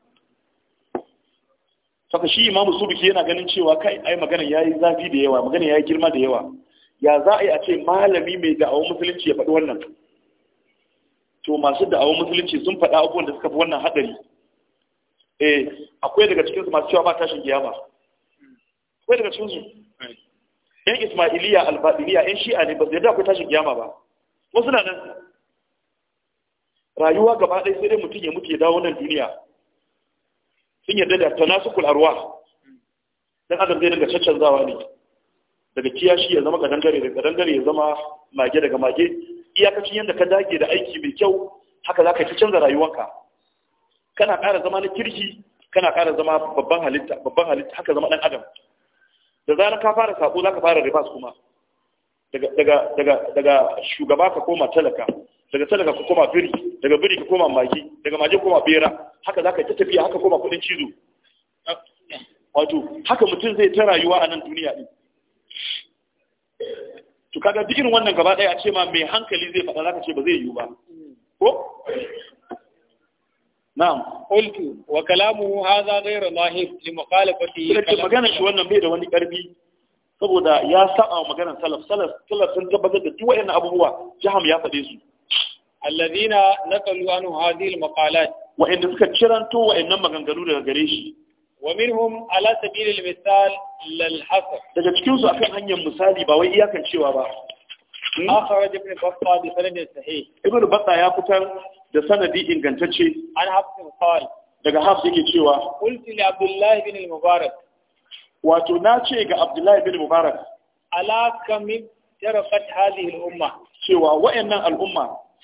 saka shi imamu subuki yana ganin cewa kai ai maganan yayi zafi da yawa maganan yayi girma da yawa ya za a yi a ce malami mai da'awar musulunci ya faɗi wannan to masu da'awar musulunci sun faɗa abubuwan da suka fi wannan haɗari eh akwai daga cikin su masu cewa ba tashin ba akwai daga cikin su yan ismailiya albadiliya yan shi'a ne ba su yadda akwai tashin kiyama ba wasu na nan rayuwa gaba ɗaya sai dai mutum ya mutu ya dawo nan duniya sun yarda da tanasukul arwa dan adam zai dinga caccanzawa ne daga kiyashi ya zama kadangare da kadangare ya zama mage daga mage iyakacin yadda ka dage da aiki mai kyau haka za ka ci canza rayuwanka kana ƙara zama na kirki kana ƙara zama babban halitta babban halitta haka zama ɗan adam da zarar ka fara sako za ka fara ribas kuma daga daga daga daga shugaba ka koma talaka daga talaka ka koma firi. daga biri ka koma Maki, daga maji koma bera haka za ka ta tafiya haka koma kudin cizo wato haka mutum zai ta rayuwa a nan duniya ɗin to kaga duk irin wannan gaba ɗaya a ce ma mai hankali zai faɗa za ka ce ba zai yiwu ba ko na'am ulki wa kalamu hadha ghayra lahif li muqalafati kace magana shi wannan bai da wani karfi saboda ya saba maganar salaf salaf salaf sun tabbatar da duk wayannan abubuwa jaham ya faɗe su alladhina naqalu anhu hadhihi al-maqalat wa inda suka ciranto wa'annan maganganu daga gare shi wa minhum ala sabil misal lal hasr daga cikin akan hanyar misali ba wai iyakan cewa ba akhraj ibn battah bi sanad sahih ibn battah ya fitar da sanadi ingantacce an hafsin qal daga hafs yake cewa qultu li abdullah mubarak wato na ce ga abdullah ibn mubarak ala umma cewa wa'annan al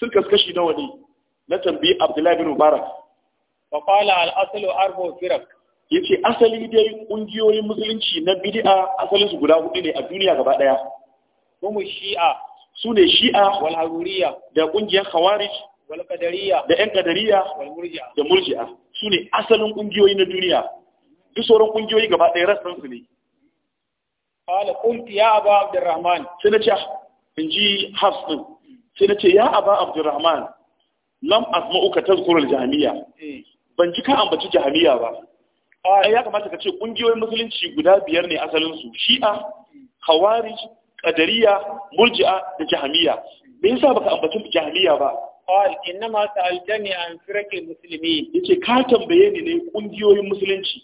sun kaskashi nawa ne na tambayi abdullahi bin mubarak fa qala al aslu arbu firaq asali dai kungiyoyin musulunci na bid'a asalin su guda hudu ne a duniya gaba daya kuma shi'a su ne shi'a wal haruriya da kungiyar Hawari wal da yan kadariya. wal murji'a da murji'a su ne asalin kungiyoyi na duniya duk sauran kungiyoyi gaba daya rassan su ne qala qult ya abu abdurrahman sai na ce ah, in ji hafs ɗin. sai na ce ya aba abdurrahman lam ka tazkurul jami'a eh. ban ji ka ambaci jami'a ba a ya kamata ka ce kungiyoyin musulunci guda biyar ne asalin su shi'a khawarij qadariya murji'a da jami'a. me yasa baka ambaci jami'a ba qal innama sa'altani an firaqil muslimin yace ka tambaye ni ne kungiyoyin musulunci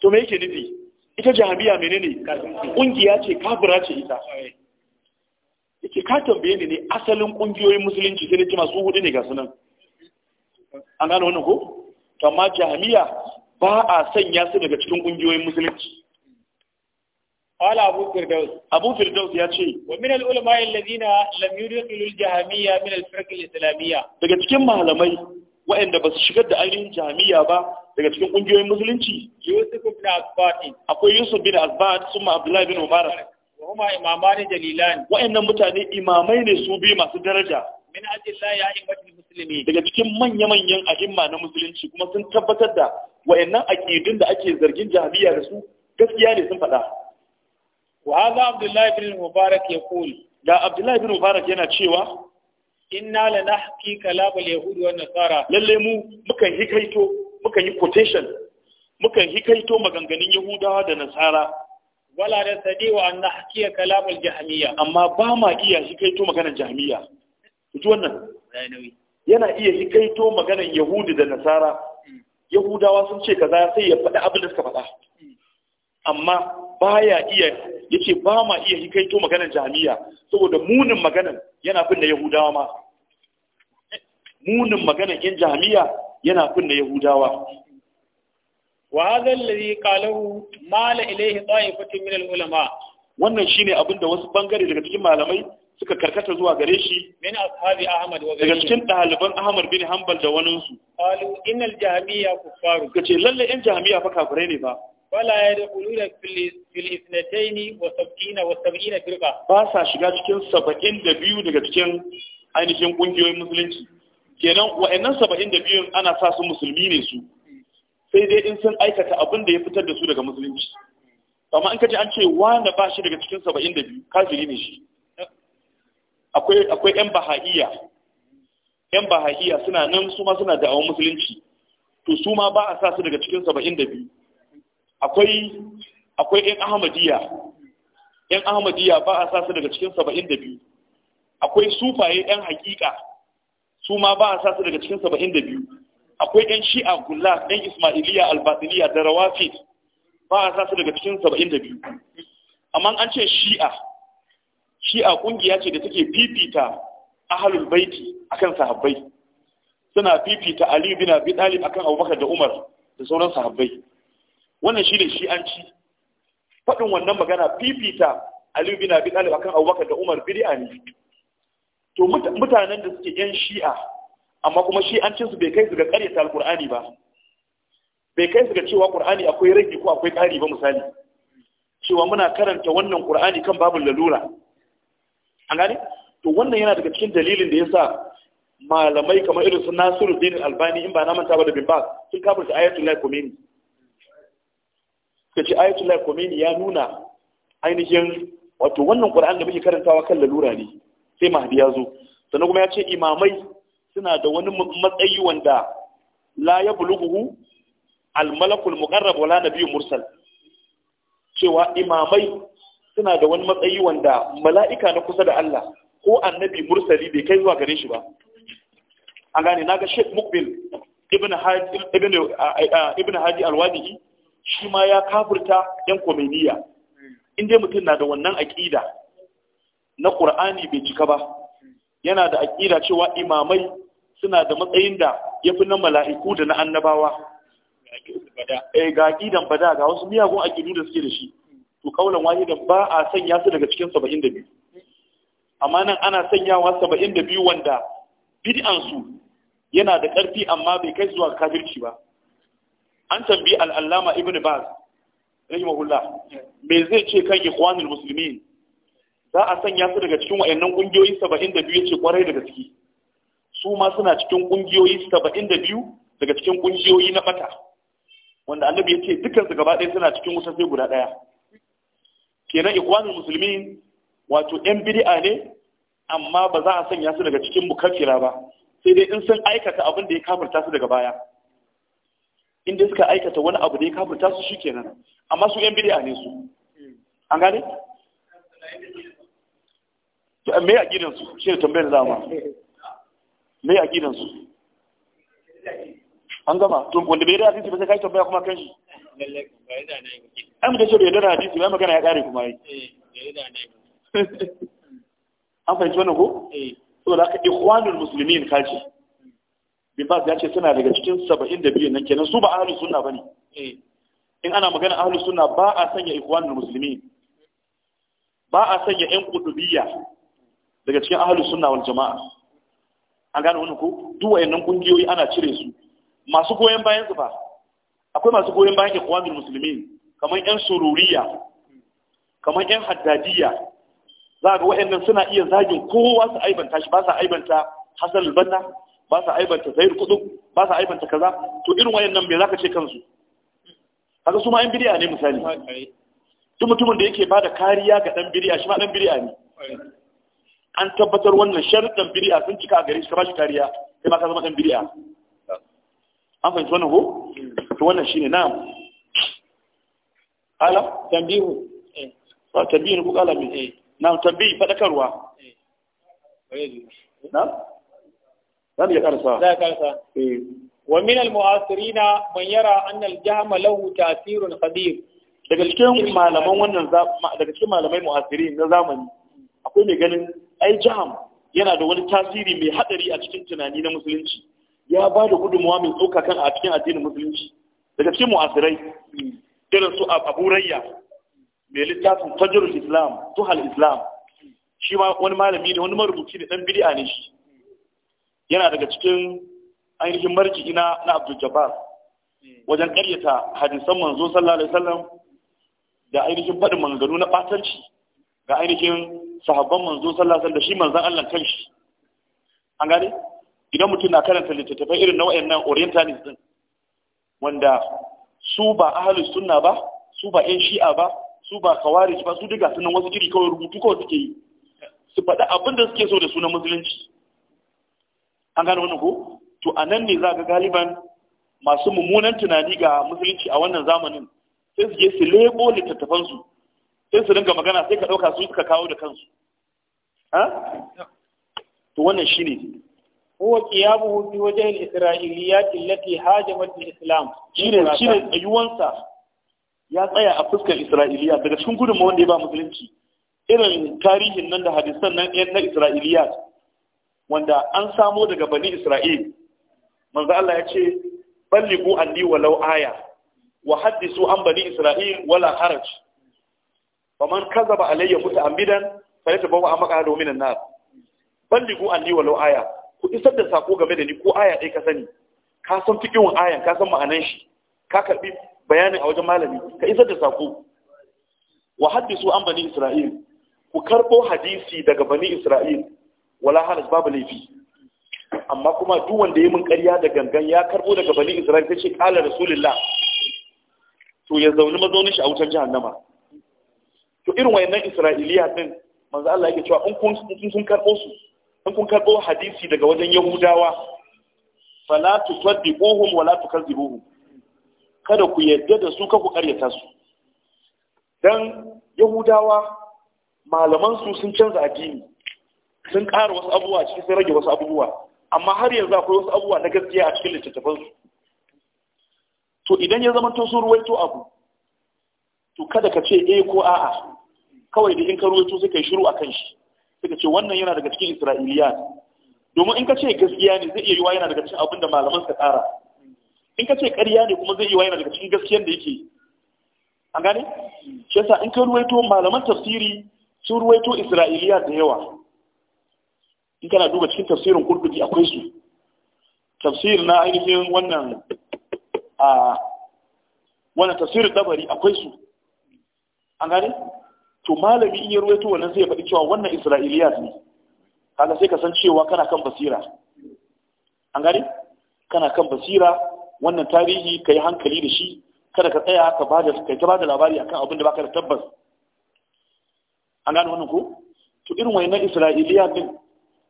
to me yake nufi ita jami'a menene kungiya ce kafira ce ita yake ka tambaye ni ne asalin kungiyoyin musulunci sai da ce masu hudu ne ga sunan an gano wannan ko to amma jami'a ba a sanya su daga cikin kungiyoyin musulunci Abu قال أبو فردوس أبو فردوس يا شيء ومن العلماء الذين لم يدخلوا الجهمية من الفرق الإسلامية daga cikin malamai waɗanda ba su shigar da ainihin jami'a ba daga cikin kungiyoyin musulunci Yusuf bin Asbat akwai Yusuf bin Asbat summa Abdullah bin Umar wa huma imamani dalilan wa'annan mutane imamai ne su bi masu daraja min ajilla ya immatul muslimi daga cikin manya-manyan a'imma na musulunci kuma sun tabbatar da wayannan aqidun da ake zargin jahiliya da su gaskiya ne sun faɗa wa hadha abdullahi bin mubarak yaqul da abdullahi bin mubarak yana cewa inna la nahqi kalam al-yahudi wa nasara lalle mu mukan hikaito mukan yi quotation hikaito maganganun yahudawa da nasara wala da sadewa an na hakiya kalamul jahmiya amma ba ma iya shi kai to maganar jahmiya ji wannan yana iya shi kai to maganar yahudi da nasara hmm. yahudawa sun ce kaza sai ya faɗi abin da suka faɗa hmm. amma baya iya yace ba ma iya shi kai to maganar jahmiya saboda munin maganar yana fin da yahudawa ma munin maganar yan jahmiya yana fin da yahudawa وهذا الذي قاله مال إليه طائفة من العلماء wannan shine abin da wasu bangare daga cikin malamai suka karkata zuwa gare shi min ashabi ahmad wa daga cikin ɗaliban ahmad bin hanbal da wani su qalu innal jahmiya kuffaru kace lalle yan jahmiya fa kafirai ne ba wala yadkhuluna fil ithnatayn wa sab'ina wa sab'ina firqa ba sa shiga cikin 72 daga cikin ainihin kungiyoyin musulunci kenan wa'annan 72 ana sa su musulmi ne su sai dai in sun aikata abin da ya fitar da su daga musulunci amma in ka ji an ce wanda ba shi daga cikin saba'in da biyu kafiri ne shi akwai yan baha'iya yan baha'iya suna nan su ma suna da'awar musulunci to su ma ba a sa su daga cikin saba'in da biyu akwai yan ahmadiyya yan ahmadiyya ba a sa su daga cikin saba'in da biyu akwai sufaye yan hakika su ma ba a sa su daga cikin saba'in da biyu akwai yan shi'a gulla ɗan ismailiya albatiniya da rawafi ba a sasu daga cikin saba'in da biyu amma an ce shi'a shi'a ƙungiya ce da take fifita ahalul baiti akan sahabbai suna fifita ali bin abi talib akan abubakar da umar da sauran sahabbai wannan shi ne shi'anci faɗin wannan magana fifita ali bin abi talib akan abubakar da umar bid'a ne to mutanen da suke yan shi'a amma kuma shi an cinsu bai kai su ga karyata alkur'ani ba bai kai su ga cewa qur'ani akwai rage ko akwai ƙari ba misali cewa muna karanta wannan qur'ani kan babin lalura an gane to wannan yana daga cikin dalilin da yasa malamai kamar irin su Nasiru Din Albani in ba na manta ba da bimba, sun sun ta ayatul lahi kumini kace ayatul lahi komini ya nuna ainihin wato wannan qur'ani da muke karantawa kan lalura ne sai mahdi ya zo sannan kuma ya ce imamai suna da wani matsayi wanda la ya bulughu al-malakul muqarrab wala nabiy mursal cewa imamai suna da wani matsayi wanda mala'ika na kusa da Allah ko annabi mursali bai kai zuwa gare shi ba an gane naga Sheikh Mukbil ibn Hadi ibn Hadi al wadi shi ma ya kafurta yan komeniya in dai mutum na da wannan aqida na Qur'ani bai cika ba yana da aƙida cewa imamai suna da matsayin da ya fi na mala'iku da na annabawa eh ga aƙidan bada ga wasu miyagun aƙidu da suke da shi to kaulan wahidan ba a sanya su daga cikin saba'in amma nan ana sanyawa saba'in da biyu wanda bid'ansu yana da ƙarfi amma bai kai zuwa kafirci ba an tambayi al'allama ibn baz rahimahullah me zai ce kan ikhwanul muslimin za a sanya su daga cikin wayannan kungiyoyi 72 yace kwarai daga ciki su ma suna cikin kungiyoyi 72 daga cikin kungiyoyi na bata wanda annabi yace dukkan su gaba ɗaya suna cikin wuta sai guda ɗaya kenan ikwanul muslimin wato yan bid'a ne amma ba za a sanya su daga cikin mukaffira ba sai dai in sun aikata abin da ya kafirta su daga baya in dai suka aikata wani abu da ya kafirta su shikenan amma su yan bid'a ne su an gane to me aqidan su shi tambayar zama me aqidan su an gama to wanda bai da hadisi ba sai kai tambaya kuma kan shi an da shi bai da hadisi ba magana ya kare kuma eh, yi an fahimci wannan ko eh. saboda haka ikhwanul muslimin kaji bin ba ya ce suna daga cikin 72 nan kenan su ba ahlus sunna bane eh. in ana magana ahlus sunna ba a sanya ikhwanul muslimin ba a sanya yan qutubiyya daga cikin ahalus sunna wal jama'a an gane wani ko duk wayannan kungiyoyi ana cire su masu goyon bayan su fa akwai masu goyon bayan ikhwanul muslimin kamar yan sururiya kamar yan haddadiya za ga wayannan suna iya zagin kowa su aibanta shi ba sa aibanta Hassan albanna ba sa aibanta Zaid Kudu, ba sa aibanta kaza to irin wayannan me zaka ce kansu kaga su ma yan bid'a ne misali duk mutumin da yake bada kariya ga dan bid'a shi ma dan bid'a ne an tabbatar wannan sharuɗan bid'a sun cika a gare shi ka bashi kariya sai ma ka zama kan bid'a an fahimci wannan ko to wannan shine na ala tambihu eh tambihu ko kala min eh na tambihi fadakarwa eh na zan ya karsa zan ya karsa eh wa min al mu'asirina man yara anna al jahma lahu ta'sirun khadir daga cikin malaman wannan daga cikin malamai mu'asirin na zamani akwai mai ganin ai jaham yana da wani tasiri mai hadari a cikin tunani na musulunci ya ba da gudunmuwa mai tsoka kan a cikin addinin musulunci daga cikin mu'asirai irin su abu mai littafin fajrul islam tuhal islam shi ma wani malami da wani marubuci ne dan bid'a ne shi yana daga cikin ainihin marji'i na na Abdul Jabbar wajen karyata hadisan manzo sallallahu alaihi wasallam da ainihin faɗin manganu na batanci ga ainihin sahabban manzo sallallahu alaihi wasallam da shi manzon Allah kanshi an gane idan mutum na karanta littattafai irin na wayannan orientalist din wanda su ba ahlus sunna ba su ba ɗan shi'a ba su ba khawarij ba su duka sunan wasu iri kawai rubutu kawai suke yi su faɗa abin da suke so da sunan musulunci an gane wannan ko to anan ne za ga galiban masu mummunan tunani ga musulunci a wannan zamanin sai su je su lebo littattafansu sai su dinga magana sai ka ɗauka su suka kawo da kansu to wannan shi ne huwa qiyamuhu fi wajhi al-isra'iliyat allati hajamat al-islam shine shine tsayuwansa ya tsaya a fuskar isra'iliya daga cikin gudunmu wanda ya ba musulunci irin tarihin nan da hadisan nan na isra'iliya wanda an samo daga bani isra'il manzo Allah ya ce balligu anni walau aya wa haddisu an bani isra'il wala haraj faman kazaba alayya muta'ammidan fa yatabawa amqalu minan nar ballighu anni walau aya ku isar da sako game da ni ko aya dai ka sani ka san wa ayan ka san ma'anan shi ka karbi bayanin a wajen malami ka isar da sako wa hadisu an bani isra'il ku karbo hadisi daga bani isra'il wala halas babu laifi amma kuma duk wanda ya mun ƙarya da gangan ya karbo daga bani isra'il sai ce kala rasulullah to ya zauni mazaunin shi a wutar jahannama to irin wayannan isra'iliya din manzo Allah yake cewa in kun kun karbo su kun karbo hadisi daga wajen yahudawa fala tusaddiquhum wala tukazibuhum kada ku yadda da su ka ku karyata su dan yahudawa malaman su sun canza addini sun ƙara wasu abubuwa cikin sun rage wasu abubuwa amma har yanzu akwai wasu abubuwa na gaskiya a cikin littattafansu to idan ya zama to sun ruwaito abu to kada ka ce eh ko a'a kawai da in ka ruwaito sai yi shiru kan shi suka ce wannan yana daga cikin isra'iliya domin in ka ce gaskiya ne zai iya yiwa yana daga cikin abin da malaman ka tsara in ka ce ƙarya ne kuma zai iya yiwa yana daga cikin gaskiyan da yake an gane shi yasa in ka ruwaito malaman tafsiri sun ruwaito isra'iliya da yawa in kana duba cikin tafsirin kurkudi akwai su tafsir na ainihin wannan a wannan tafsirin dabari akwai su an gane to malami in ya ruwaito wannan zai faɗi cewa wannan isra'iliyat ne kaga sai ka san cewa kana kan basira an gani kana kan basira wannan tarihi ka yi hankali da shi kada ka tsaya ka bada kai ta bada labari akan abin da baka da tabbas an gani wannan ko to irin wayannan isra'iliya din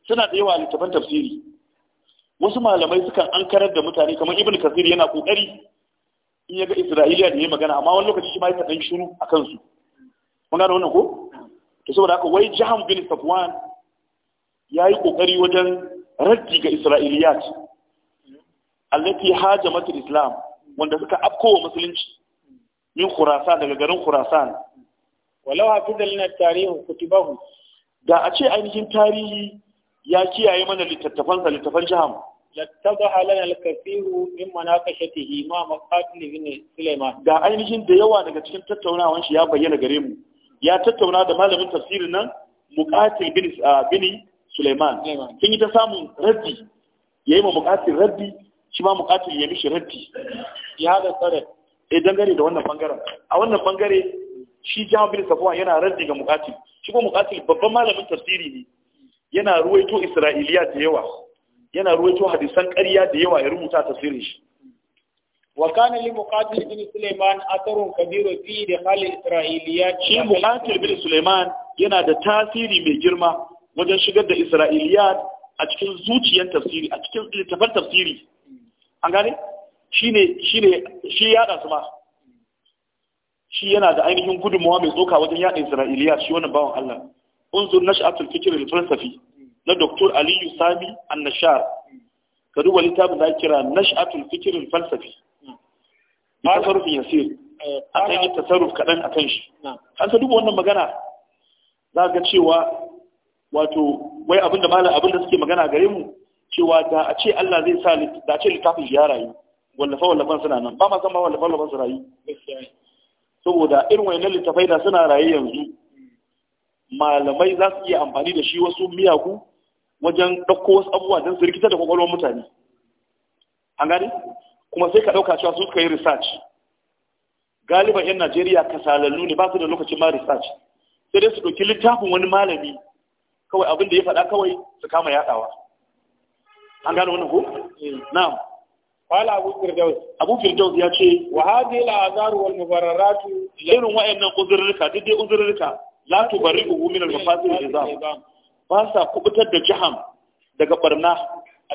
suna da yawa littafan tafsiri wasu malamai sukan ankarar da mutane kamar ibn kasir yana kokari in ya ga isra'iliya da ya magana amma wani lokaci shi ma ya dan shiru a kansu mun gano wannan ko to saboda haka wai jaham bin safwan yayi kokari wajen raddi ga isra'iliyat allati hajamat islam wanda suka afkowa musulunci min khurasan daga garin khurasan walau hafiza lana tarihi kutibahu da a ce ainihin tarihi ya kiyaye mana littattafan sa littafan jaham lattadaha lana al-kathiru min munaqashatihi ma maqatil ibn sulaiman da ainihin da yawa daga cikin tattaunawan shi ya bayyana gare mu ya tattauna da malamin tafsirin nan muƙatil bin ah, bin Suleiman kin yi ta samun raddi yayi ma muƙatil raddi shi ma muqatil ya mishi raddi ya da tsare eh dangare da wannan bangaren a wannan bangare shi Jamal bin Safwan yana raddi ga muƙatil. shi ko muqatil babban malamin tafsiri ne yana ruwaito Isra'iliya da yawa yana ruwaito hadisan ƙarya da yawa ya rubuta tafsirin shi وكان لمقاتل بن سليمان اثر كبير في دخل الإسرائيليات شي مقاتل بن سليمان yana da tasiri mai girma wajen shigar da اسرائيليات a cikin zuciyar tafsiri a cikin littafin tafsiri an gane shine shine shi da su ma shi yana da ainihin gudunmawa mai tsoka wajen yada isra'iliya. shi wannan bawan Allah unzur nash'atul fikr al-falsafi na Dr. Aliyu Sami Annashar ka duba littafin da kira nash'atul fikr al-falsafi ya tasarrufin yasir akan yi tasarruf kaɗan akan shi an ka duba wannan magana za ga cewa wato wai abin da malam abin da suke magana gare mu cewa da a ce Allah zai sa da a ce littafin shi ya rayu wallafa wallafan suna nan ba ma san ma wallafa wallafan su rayu saboda irin wayannan littafai da suna raye yanzu malamai za su iya amfani da shi wasu miyaku wajen ɗauko wasu abubuwa don su rikita da kwakwalwar mutane an gane kuma sai ka ɗauka cewa su suka yi research galiban 'yan najeriya kasalallu ne ba su da lokacin ma research sai dai su ɗauki littafin wani malami kawai abin da ya faɗa kawai su kama yaɗawa an gano wannan ko eh. na'am qala abu firdaus abu firdaus ya ce wa hadhihi al-azar wal mubarrarat irin wa'annan uzurruka duk dai uzurruka la tubari'u min al-mafasil al-izam ba sa kubutar da jaham daga barna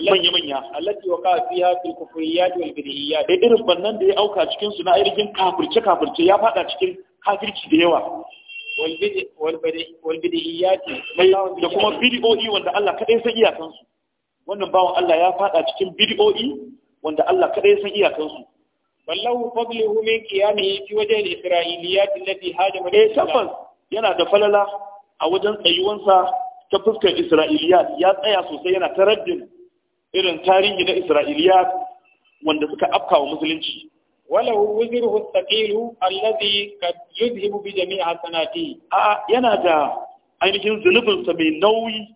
manya-manya allati wa ka'a fiha fil kufriyat wal bid'iyat da irin bannan da ya auka cikin su na irin kafirce kafirce ya fada cikin kafirci da yawa wal bid'iyat da kuma bid'o'i wanda Allah kadai san iyakan su wannan bawan Allah ya fada cikin bid'o'i wanda Allah kadai san iyakan su wallahu fadluhu min qiyamihi fi wajhi al isra'iliyat allati hajama eh tabbas yana da falala a wajen tsayuwansa ta fuskar isra'iliyat ya tsaya sosai yana taraddin irin tarihi na isra'iliya wanda suka afka wa musulunci walau wuziruhu tsakilu allazi ka yuzhibu bi jami'i hasanati a yana da ainihin zunubin sa mai nauyi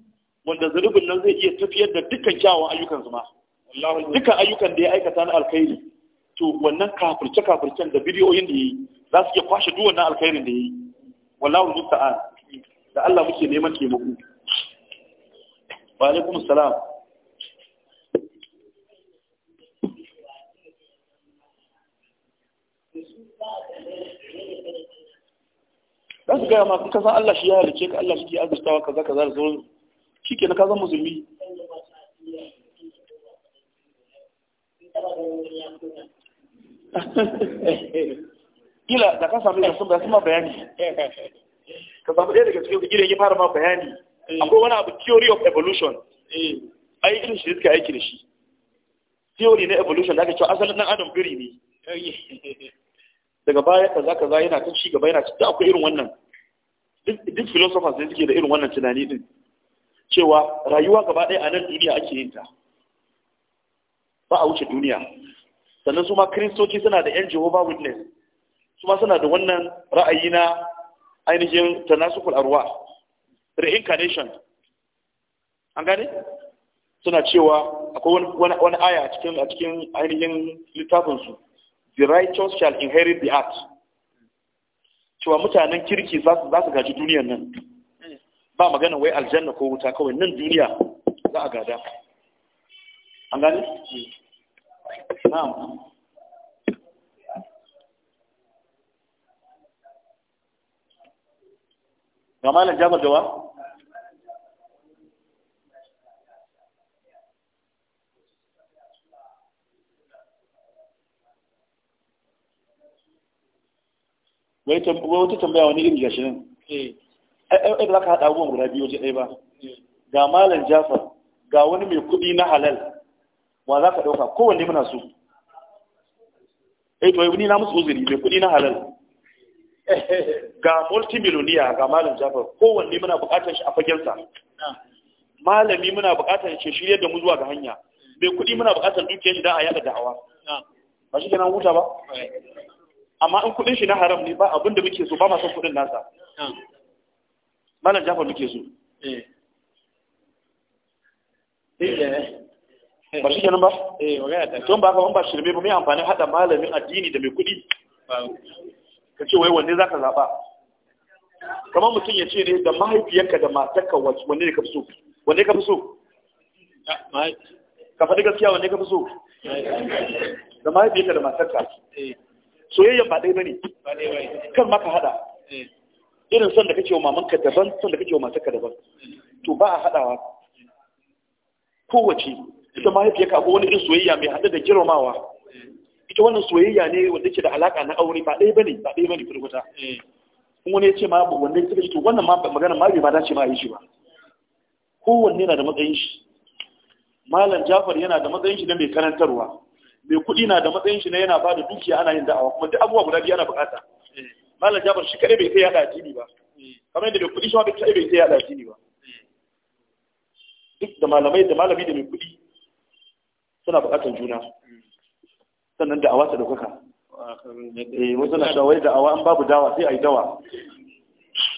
wanda zunubin nan zai iya tafiyar da dukkan kyawun ayyukan su ma dukkan ayyukan da ya aikata na alkhairi to wannan kafirce kafircen da bidiyoyin da yi za su iya kwashe duk wannan alkhairin da yi. wallahu musta'an da Allah muke neman taimako wa alaikum salam za su gaya ma in ka san Allah shi ya halice ka Allah shi ya azurtawa kaza kaza da sauran shi ke na ka zan musulmi Ila da ka sami yasun ba su ma bayani ka samu ɗaya daga cikin gidan ya fara ma bayani eh. akwai wani abu theory of evolution eh. ai irin shi suka aiki da shi theory na evolution da aka cewa asalin nan adam biri ne eh. daga baya kaza kaza yana ta ci gaba yana ci da akwai irin wannan duk philosophers ne suke da irin wannan tunani din cewa rayuwa gaba ɗaya a nan duniya ake yin ta ba a wuce duniya sannan su ma kristoci suna da yan jehovah witness su ma suna da wannan ra'ayi na ainihin tanasukul arwa reincarnation an gane suna cewa akwai wani aya a cikin ainihin littafinsu the righteous shall inherit the earth cewa mutanen kirki za su gaji duniyan nan ba magana wai aljanna ko wuta kawai nan duniya za a gada an gani? na'am ga malam jabar jawa? wai wata tambaya wani irin gashi nan eh. ai ba ka haɗa abubuwan guda biyu waje ɗaya ba eh. ga malam jafar ga wani mai kuɗi na halal wa za ka ɗauka kowanne muna so ai eh, to ni na musu uzuri mai kuɗi na halal ga multimiloniya ga malam jafar kowanne muna buƙatar shi a fagensa malami muna buƙatar shi shirya da mu zuwa ga hanya mai kuɗi muna buƙatar dukiyar shi don a yaɗa da'awa ba shi kenan huta ba amma in kudin shi na haram ne ba abin da muke so ba ma son kudin nasa malam jafar muke so eh. Eh. Eh. ba shi kenan ba tun ba ka ba shirme ba mai amfani hada malamin addini da mai kudi ka ce wai wanne za ka zaɓa kamar mutum ya ce ne da mahaifiyarka da matarka wanne ne ka fi so wanne ka fi so ah, ka faɗi gaskiya wanne ka fi so da mahaifiyarka da matarka soyayya ba ɗaya ne kan maka hada eh. irin son da kake wa mamanka daban son da kake wa matarka daban eh. to ba a hadawa kowace ita mahaifiyarka ka wani irin soyayya mai hada da girmamawa eh. ita wannan soyayya ne wanda ke da alaka na aure ba ɗaya bane ba ɗaya ne firgota in wani ya ce ma wannan suka to wannan ma magana ma bai ba dace ma yi shi ba kowanne yana da matsayin shi malam jafar yana da matsayin shi na mai karantarwa mai kuɗi na da matsayin shi na yana ba da dukiya ana yin da'awa kuma duk abubuwa guda biyu ana bukata malam jabar shi kaɗai bai kai yaɗa addini ba kamar yadda mai kuɗi shi ma bai kai kai yaɗa addini ba duk da malamai da malami da mai kuɗi suna bukatar juna sannan da'awa ta ɗaukaka eh wasu na shawarar da'awa an babu dawa sai a yi dawa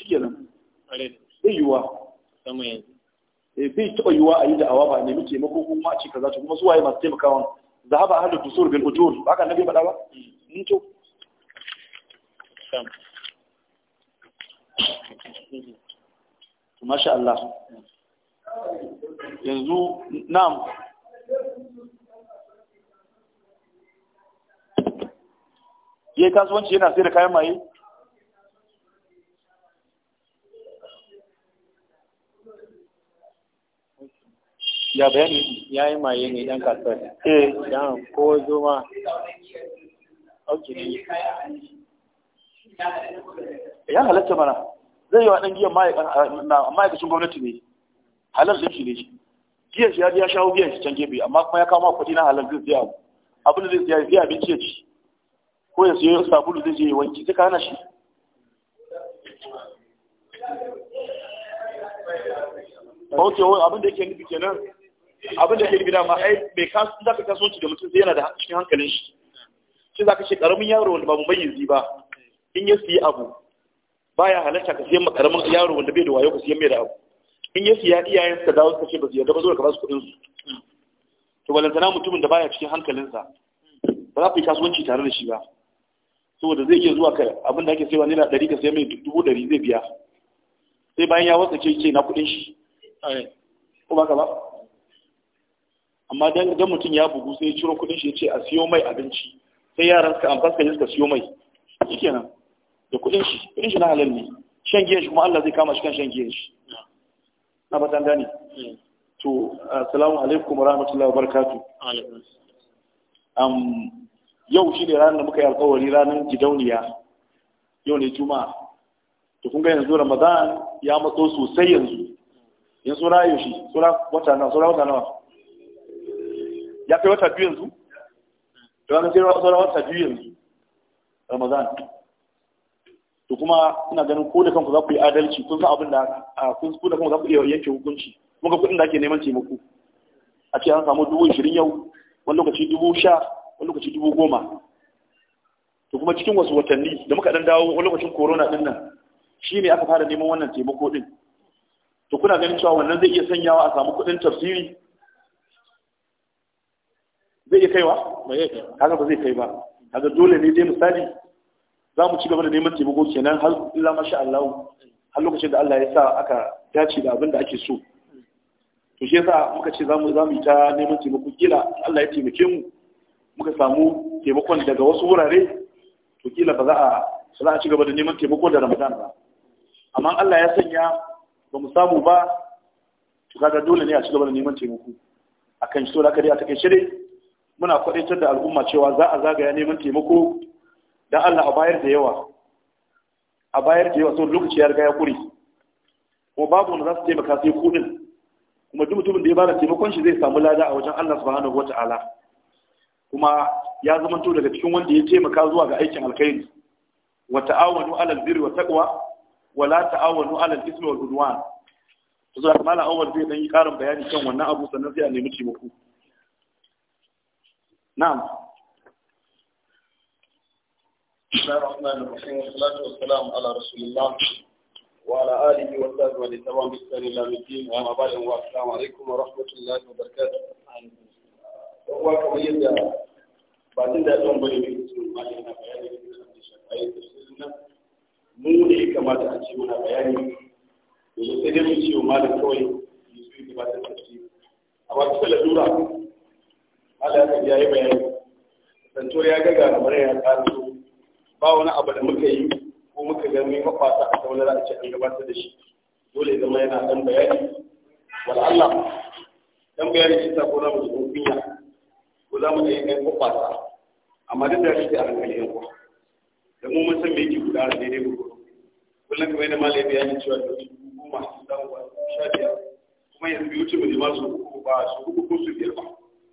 shikenan zai yiwuwa sai eh, taɓa yiwuwa a yi da'awa ba a nemi taimako kuma a ci kaza kuma su waye masu taimakawa ذهب أهل الدسور بالأجور بقى النبي بدأوا انتو ما شاء الله ينزو نعم yayi kasuwanci yana sai da kayan maye ya bayani ya yi maye ne ɗan kasuwar eh dan ko zo ma ya halatta mana zai yi wa ɗan giyan ma'aikacin gwamnati ne halar shi ne shi giyan shi ya ya shawo shi can gefe amma kuma ya kawo ma kudi na halar zai zai abu abin da zai zai zai abinci ya ci ko ya siyo sabulu zai je ya wanki zai kana shi ba wuce abin da yake nufi kenan abin da ke gida ma ai bai kasu zaka kaso kasuwanci da mutum sai yana da cikin hankalin shi shi za ka ce karamin yaro wanda ba mu bayyanzi ba in ya siya abu baya halarta ka siyan makaramin yaro wanda bai da wayo ka siyan mai da abu in ya siya iyayen sa dawo suka ce ba su ba zo ka ba su kuɗin su to balantana mutumin da baya cikin hankalinsa ba za ku yi kasuwanci tare da shi ba saboda zai iya zuwa ka abin da ake sayawa naira ɗari ka sai mai dubu ɗari zai biya sai bayan ya wasa ce na kuɗin shi ko ba ka ba amma dan dan mutum ya bugu sai ya ciro kudin shi ya ce a siyo mai abinci sai yaran suka amfasa kai suka siyo mai shikenan da kudin shi kudin shi na halal ne shan giyan shi kuma Allah zai kama shi kan shan giyan shi na fatan gane hmm. to assalamu alaikum wa rahmatullahi wa barakatuh um yau shi ne ranar da muka yi alkawari ranar gidauniya yau ne juma'a to kun ga yanzu ramadan ya matso sosai yanzu yanzu na yau shi sura wata nawa sura wata nawa ya kai wata biyu yanzu da wani jira wata biyu yanzu Ramazan. to kuma ina ganin ko da kanku za ku yi adalci kun san abin da kun ku da kanku za ku iya yanke hukunci kuma kuɗin da ake neman taimako a ce an samu dubu ishirin yau wani lokaci dubu sha wani lokaci dubu goma to kuma cikin wasu watanni da muka dan dawo wani lokacin corona din nan shi ne aka fara neman wannan taimako din to kuna ganin cewa wannan zai iya sanyawa a samu kuɗin tafsiri zai iya kaiwa kaga ba zai kai ba kaga dole ne dai misali za mu ci gaba da neman taimako kenan har illa masha Allah har lokacin da Allah ya sa aka dace da abin da ake so to shi yasa muka ce za za mu ta neman taimako kila Allah ya taimake mu muka samu taimakon daga wasu wurare to kila ba za a za a ci gaba da neman taimako da Ramadan ba amma Allah ya sanya ba mu samu ba to kaga dole ne a ci gaba da neman taimako akan shi to da aka dai a take shirye muna kwadaitar da al'umma cewa za a zagaya neman taimako don Allah a bayar da yawa a bayar da yawa sun lokaci ya riga ya kure kuma babu wanda za su taimaka sai kudin kuma duk mutumin da ya bada taimakon shi zai samu lada a wajen Allah subhanahu wata'ala kuma ya zama to daga cikin wanda ya taimaka zuwa ga aikin alkhairi wa ta'awanu 'alal birri wa taqwa wa la ta'awanu al-ithmi wal udwan to zai mala awwal zai dan yi karin bayani kan wannan abu sannan sai a nemi taimako نعم بسم الله الرحمن الرحيم والصلاة والسلام على رسول yadda ba jin a ce bayani sai Allah ya yi bayani santor ya ga garamar ya karu ba wani abu da muka yi ko muka ga mai mafasa a kawai za a ce an gabatar da shi dole zama yana dan bayani wal Allah dan bayani shi ta ko na mu zuwa kunya ko za mu yi kai mafasa amma duk da shi a hankali yan kuwa da mu mun san me yake gudana daidai ko kullum kamar yadda malai bayani cewa da su goma su zamu ba sha biyar kuma yanzu bai wuce mu ne ma su ba su uku ko su biyar ba